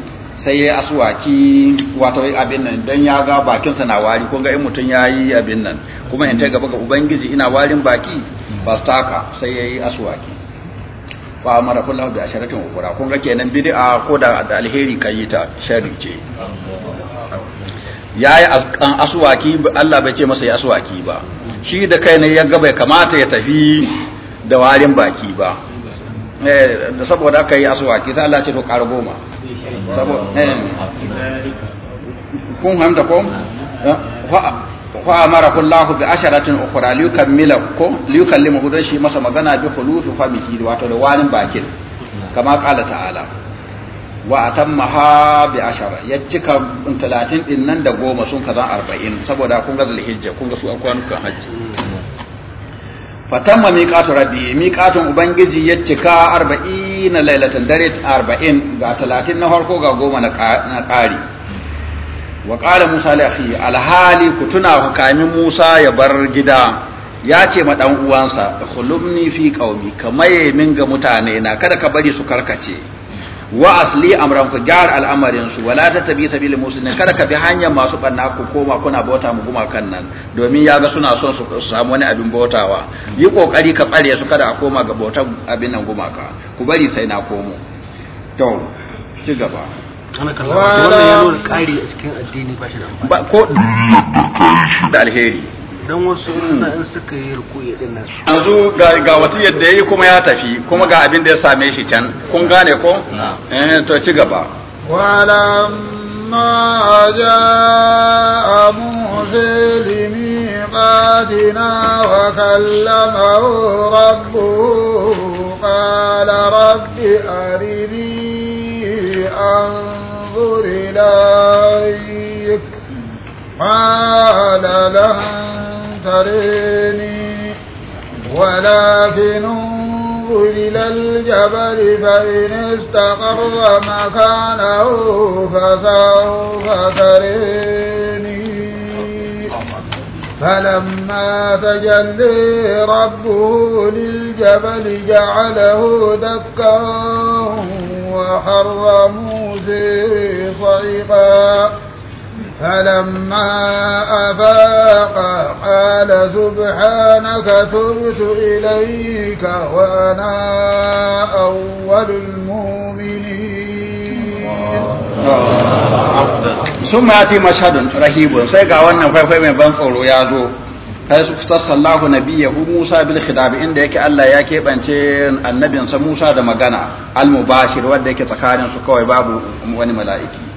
sai yayi aswaki wato abin nan dan ya ga bakin sa na wari ko ga in mutun yayi abin nan kuma in ta gaba ga ubangiji ina warin baki ba staka sai yayi aswaki fa amara kullahu bi asharatin ukura kun ga kenan bid'a ko da alheri kai ta sharri ce yayi aswaki Allah bai ce masa ya aswaki ba shi da kai ne ya ga ya kamata ya tafi da warin baki ba da eh, saboda aka yi aswaki sai Allah ce to ƙara goma eh. kun hamta ko wa eh, amara kullahu bi asharatin ukhra li yukammila ko li yukallimu dan shi masa magana bi khulufi famihi wato da wani bakin kama qala ta'ala wa atammaha bi ashara ya cika 30 din nan da goma sun kaza 40 saboda kun ga zulhijja kun ga su an kwanukan hajji fatamma miqatu rabbi miqatun ubangiji ya cika 40 na lailatan dare 40 ga 30 na harko ga goma na ƙari wa qala musa li akhi alhali kutuna hukamin musa ya bar gida ya ce ma dan uwansa khulumni fi qaumi kamaye min ga mutane na kada ka bari su karkace wa asli amran ku gyara al'amarin su wala ta tabi musulmi kada ka bi hanyar masu banna ku koma kuna bauta mu kuma kan nan domin ya ga suna son su samu wani abin bautawa yi kokari ka tsare su kada a koma ga bautar abin nan gumaka ku bari sai na komo to ci gaba kana kallon wannan yana kari cikin addini ba shi da amfani ko da alheri dan wasu suna in suka yi rukuyi din nan yanzu ga ga wasiyar da yayi kuma ya tafi kuma ga abin da ya same shi can kun gane ko eh to ci gaba ma ja ولما جاء موسى wa kallama rabbu qala rabbi arini anzur إليك قال لن تريني ولكن انظر إلى الجبل فإن استقر مكانه فسوف تريني فلما تجلي ربه للجبل جعله دكا وحر موسي صيقا فلما أفاق قال سبحانك تبت إليك وأنا أول المؤمنين sun ma yati mashadun rahibun sai ga wannan faifai mai ban tsoro ya zo kai su tassallahu nabiyahu Musa bil khidab inda yake Allah ya keɓance annabinsa Musa da magana al mubashir wanda yake tsakanin su kawai babu wani mala'iki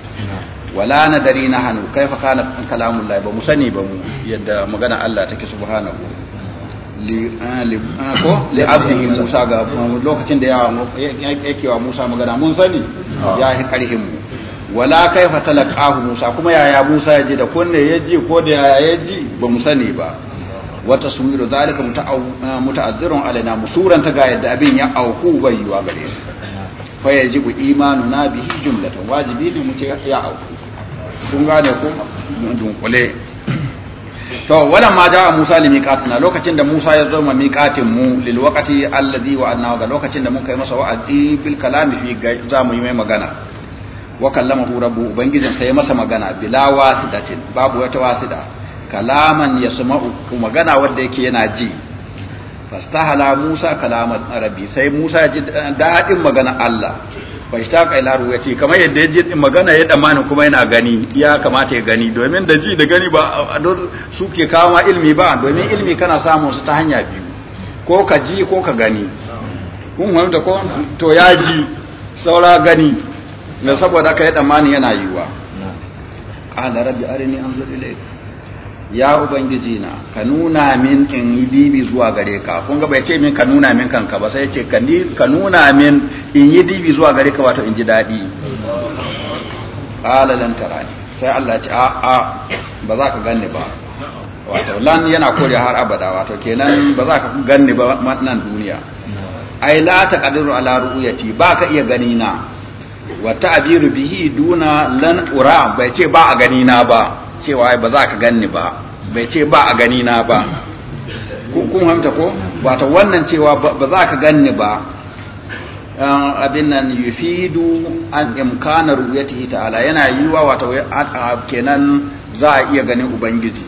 wala na dari na hannu kai fa kana kalamun lai ba mu sani ba mu yadda magana Allah take subhanahu ah, ah, ko li'abdihi musa ga lokacin da yake wa musa magana mun sani ya yi karhin mu wala kai fa talaqahu musa kuma ya ya musa ya ji da kunne ya ji ko da ya ya ji ba mu sani ba wa taswiru zalika ah, muta'azzirun alaina musuran ta ga yadda abin ya auku bai yiwa gare shi fa yajibu imanuna bihi jumlatan wajibi ne mu ce ya auku kun gane ko dunkule to wala ma jaa Musa li miqatina lokacin da Musa ya zo ma miqatin mu lil waqti alladhi wa'adnahu ga lokacin da mun kai masa wa'azi bil kalami fi za mu yi mai magana wa kallamahu rabbu ubangijin sai masa magana bila wasidatin babu wata wasida kalaman yasma'u magana wanda yake yana ji fastahala Musa kalamat rabbi sai Musa ji dadin magana Allah fa ishtaqa ila kamar yadda ya ji magana ya damani kuma yana gani ya kamata ya gani domin da ji da gani ba su ke kawo ilmi ba domin ilmi kana samun su ta hanya biyu ko ka ji ko ka gani kun wani da kon to ya ji saura gani saboda ka yi damani yana yiwa qala rabbi arini anzur ilayka ya ubangiji na ka nuna min in yi dibi zuwa gare ka kun ga bai ce min ka nuna min kanka ba sai ce ka nuna min in yi dibi zuwa gare ka wato in ji daɗi qala lan tarani sai Allah ce a a ba za ka ganni ba wato lan yana kore har abada wato kenan ba za ka ganni ba nan duniya ai la kadiru ala ru'yati ba ka iya gani na wa ta'biru bihi duna lan ura bai ce ba a gani na ba cewa ba za ka ganni ba bai ce ba a gani na ba kun hamta ko ta wannan cewa ba za ka ganni ba eh, abin nan fi du an imkanar ru'yatihi ta'ala yana yi wa wata kenan za a iya ganin ubangiji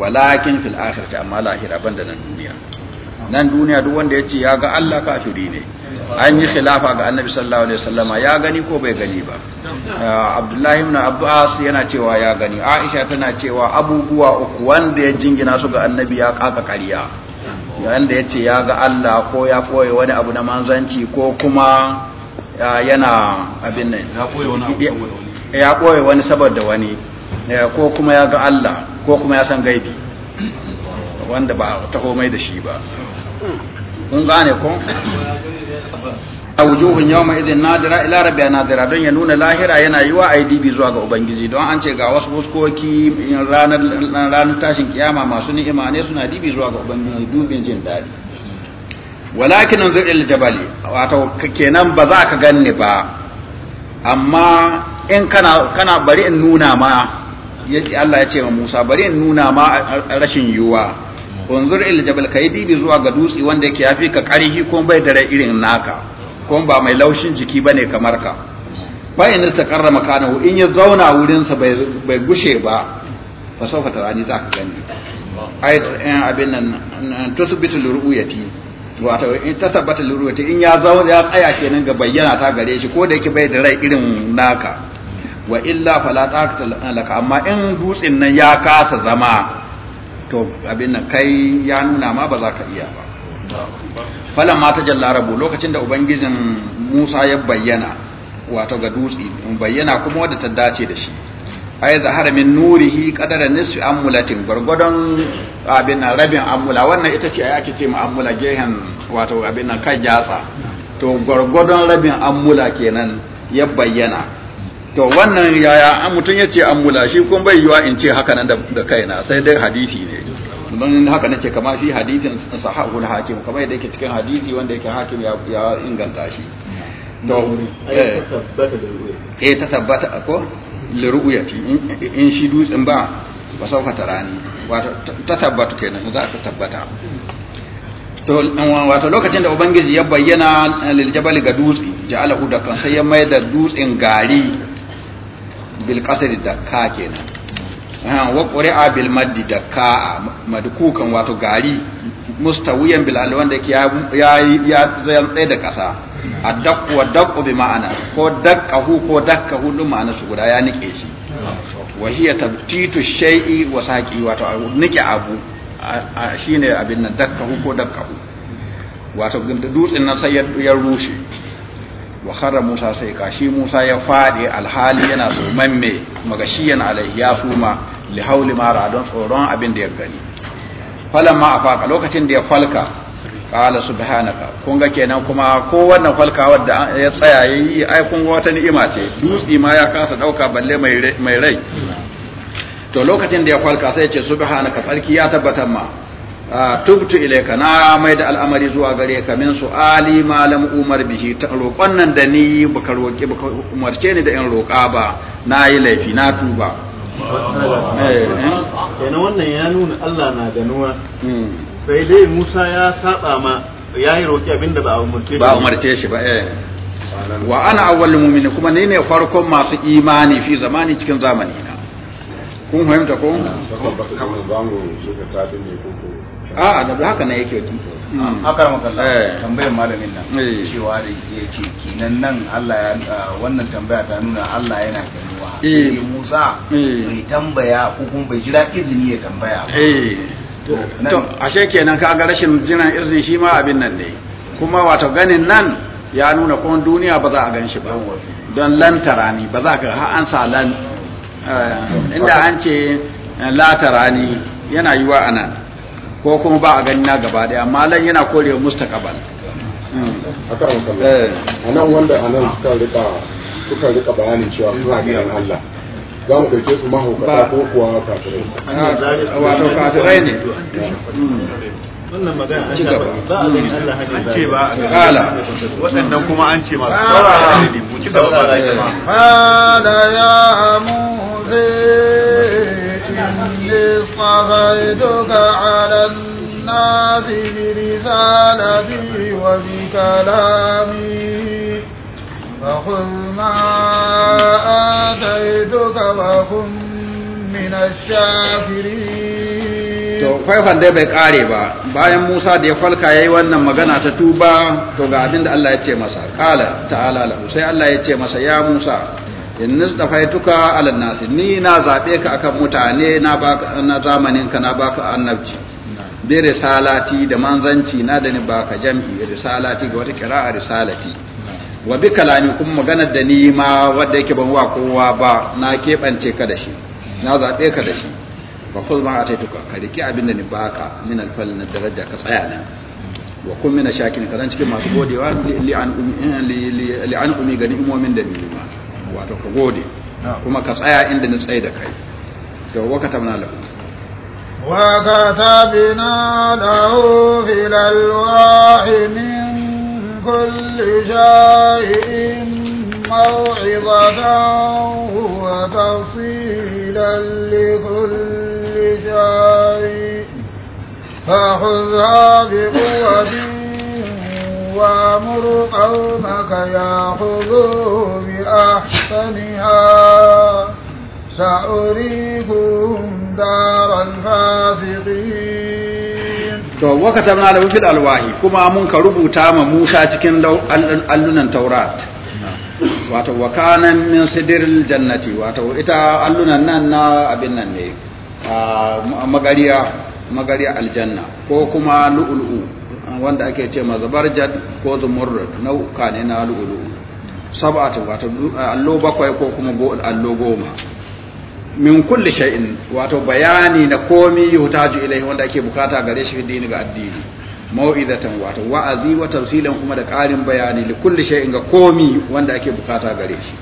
walakin fil amma lahira banda nan duniya nan duniya duk wanda ya ce ya ga Allah kafiri ne an yi khilafa ga annabi sallallahu alaihi wasallama ya gani ko bai gani ba uh, abdullahi ibn abbas yana cewa ya gani aisha tana cewa abubuwa uku wanda ya jingina su ga annabi ya kaka ƙarya wanda ya ce ya ga Allah ko ya koyi wani abu na manzanci ko kuma uh, yana abin nan ya koyi wani saboda wani uh, ko kuma ya ga Allah ko kuma ya san gaibi wanda ba ta komai da shi ba kun gane ko a wujuhun yawma izin nadira ila rabbiya nadira don ya nuna lahira yana yi wa IDB zuwa ga ubangiji don an ce ga wasu fuskoki ranar tashin kiyama masu ni'ima ne suna dibi zuwa ga ubangiji dubin jin daɗi walakin nan ila jabali wato kenan ba za ka ganni ba amma in kana kana bari in nuna ma Allah ya ce wa Musa bari in nuna ma rashin yiwuwa wanzur il jabal kai dibi zuwa ga dutse wanda yake yafi ka karihi ko bai da irin naka ko ba mai laushin jiki bane kamar ka fa in istaqarra makanahu in ya zauna wurin sa bai bai gushe ba fa sawfa tarani za ka gani ayat in eh, abin nan eh, tusbitu liruyati wato in ta tabbata liruyati in ya zauna ya tsaya kenan ga bayyana ta gare shi ko da yake bai da rai irin naka wa illa fala taqta laka amma in dutsin nan ya kasa zama to abin nan kai ya nuna ma ba za ka iya ba falan mata jallarabu lokacin da ubangijin musa ya bayyana wato ga dutse bayyana kuma wadda ta dace da shi ai zahara min nurihi qadara nisfi amulatin gurgudon abin nan rabin amula wannan ita ce ai ake ce amula gehen wato abin nan kan yatsa to gurgudon rabin amula kenan ya bayyana to wannan yaya mutum ya ce an mula shi kun bai yiwa in ce haka nan da kaina sai dai hadisi ne don haka ce kama shi hadisin sahahul hakim kamar yadda yake cikin hadisi wanda yake hakim ya inganta shi to eh. eh ta tabbata ko liru'yati in shi dutsin ba ba sauka tarani wato ta tabbata kenan za ta tabbata to wato lokacin da ubangiji ya bayyana liljabali ga dutse ja'alahu da kan sai ya mai da dutsen gari bil qasri dakka kenan wa quri'a bil maddi dakka madkukan wato gari mustawiyan bil alwan da ya ya tsaye da kasa addaq wa daq bi ma'ana ko daqqahu ko dakkahu dun ma'ana su guda ya nike shi wa hiya tabtitu shay'i wa saqi wato nike abu shine abin nan dakkahu ko dakkahu wato dutsen nan sai ya rushe wa kharra Musa sai kashi Musa ya fadi alhali yana suman me magashiyan alaihi ya suma li hauli ma don tsoron abin da ya gani falamma afaka lokacin da ya falka qala subhanaka kun ga kenan kuma ko wannan falka wanda ya tsaya yayi ai kun wata ni'ima ce dutsi ma ya kasa dauka balle mai mai rai to lokacin da ya falka sai ya ce subhanaka sarki ya tabbatar ma Ah, tubtu ilayka na mai da al'amari zuwa gare ka min su ali malam umar bihi ta roƙon nan da ni baka roƙe baka umarce ni da in roƙa ba na yi laifi na tuba yana eh, eh. wannan ya nuna Allah na ganuwa hmm. sai dai Musa ya saba ma ya yi roƙi abinda ba umarce shi ba umarce shi ba wa ana awwal mu'minin kuma ni ne farkon masu imani fi zamani cikin zamani na kun fahimta ko ba mu zuka tafi ne ko a da haka na yake wati hmm. akar makalla eh. tambayar malamin nan eh. cewa da yake kinan nan Allah ya wannan tambaya ta nuna Allah yana ganuwa eh Musa eh. bai tambaya ko kuma bai jira izini ya tambaya to ashe kenan ka ga rashin jiran izini shi ma abin nan ne kuma wato ganin nan ya nuna kuma duniya ba za a gan shi ba don lantara ni ba za ka an sa lan inda an ce latara ni yana yiwa a nan ko kuma ba a gani na gaba daya amma lan yana kore mustaqbal hmm. A eh. anan wanda anan suka rika suka rika bayanin cewa suna ganin Allah za mu dauke su mahaukata ko kuwa kafirai wato kafirai ne hmm. wannan magana an shafa ba a gani hmm. Allah haka ba ce ba kala waɗannan kuma an ce masu ba a gani ne mu ci gaba ba da ya mu'min إذ صغيتك على الناس برسالتي وبكلامي فخذ ما آتيتك وكن من الشاكرين to faifan dai bai kare ba bayan Musa da ya falka yayi wannan magana ta tuba to ga abin da Allah ya ce masa qala ta'ala lahu sai Allah ya ce masa ya Musa in nistafaituka ala nasi ni na zabe ka akan mutane na baka na zamanin ka na baka annabci bi risalati da manzanci na da ni baka jam'i risalati ga wata kira'a risalati wa bi kalami kuma magana da ni ma wanda yake ban wa kowa ba na kebance ka da shi na zabe ka da shi fa kul ma ataituka ka riki abin da ni baka min alfal na daraja ka tsaya nan wa kun mina shakin ka cikin masu godewa li an umi eh, li an umi ga ni'imomin da ni wato ka gode kuma ka tsaya inda na tsaye da kai to wakata mana lahu وكتبنا له في الألواح من كل شيء موعظة وتفصيلا لكل شيء فخذها بقوة وامر قومك ياخذوه بأحسنها سأريكم دار الفاسقين to wakatabna lahu fil alwahi kuma mun ka rubuta ma Musa cikin allunan Taurat wato wakana min sidril jannati wato ita allunan nan na abin nan ne a magariya magariya aljanna ko kuma lu'lu'u wanda ake ce jad ko zumurrud nau'uka ne na al'ulu sab'atu wato allo bakwai ko kuma allo goma min kulli shay'in wato bayani na komi yuhtaju ilai wanda ake bukata gare shi dini ga addini mau'izatan wato wa'azi wa tafsilan kuma da ƙarin bayani li kulli shay'in ga komi wanda ake bukata gare shi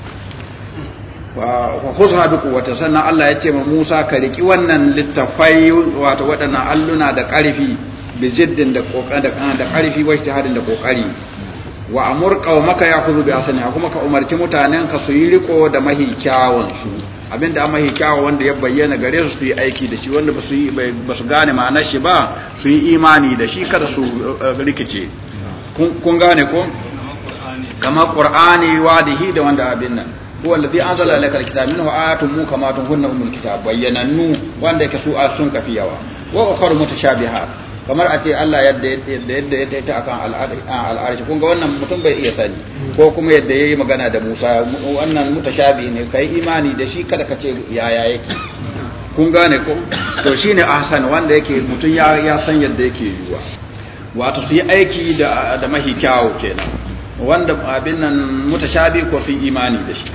wa khudha duku wata sannan Allah ya ce ma Musa ka riki wannan littafai wato waɗannan alluna da ƙarfi bijiddin da kokari da karfi ah, wa ijtihadin da kokari wa amur qaumaka ya'khudhu bi asani kuma ka umarci mutanen ka su yi riko da mahi kyawun su abinda an mahi kyawun wanda ya bayyana gare su su yi aiki da shi wanda ba su yi ba su gane ma'anar shi ba su yi imani da shi kada su eh, rikice kun gane ko kama qur'ani wadihi da wanda abin nan huwa alladhi anzala alayka alkitaba minhu ayatun mukamatun hunna umul kitab bayyanannu wanda yake su sun kafiyawa wa ukhra mutashabihat kamar a ce Allah yadda yadda ya taita akan al'arshi kun ga wannan mutum bai iya sani ko kuma yadda yayi magana da Musa wannan mutashabi ne kai imani da shi kada ka ce yaya yake kun gane ko to shine ahsan wanda yake mutum ya ya san yadda yake yiwa wato su yi aiki da da mahi kyawu kenan wanda abin nan mutashabi ko fi imani da shi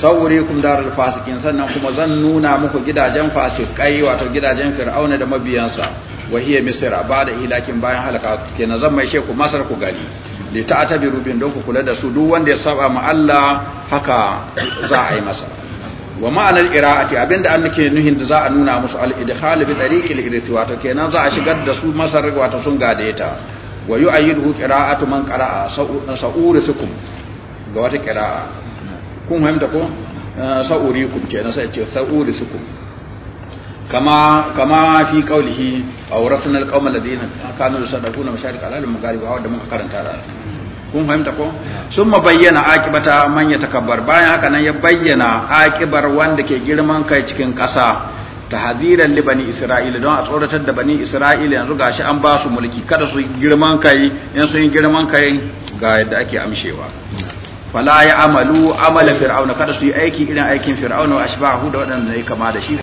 saurikum darul fasikin sannan kuma zan nuna muku gidajen fasikai wato gidajen fir'auna da mabiyansa wa hiya misra ba'da ilakin bayan halaka na zan mai sheku masar ku gani li ta'tabiru bin don ku kula da su duk wanda ya saba ma Allah haka za a yi masa wa ma'anar qira'ati abinda an nake nuhin da za a nuna musu al-idkhal bi tariqil irti wato kenan za a shigar da su masar wato sun gade ta wa yu'ayyidu qira'atu man qara'a sa'urisukum ga wata qira'a kun fahimta ko eh, sa'urikum kenan sai ce sa'urisukum كما كما في قوله أورثنا القوم الذين كانوا يصدقون مشارق الأرض المغارب وعود من قرن تعالى kun fahimta ko sun bayyana akibata man ya takabbar bayan haka nan ya bayyana akibar wanda ke girman kai cikin ƙasa ta hadiran libani isra'ila don a tsoratar da bani isra'ila yanzu gashi an ba su mulki kada su girman kai in sun yi girman kai ga yadda ake amshewa fala ya amalu amala fir'auna kada su yi aiki irin aikin fir'auna wa ashbahu da waɗanda ne kama da shi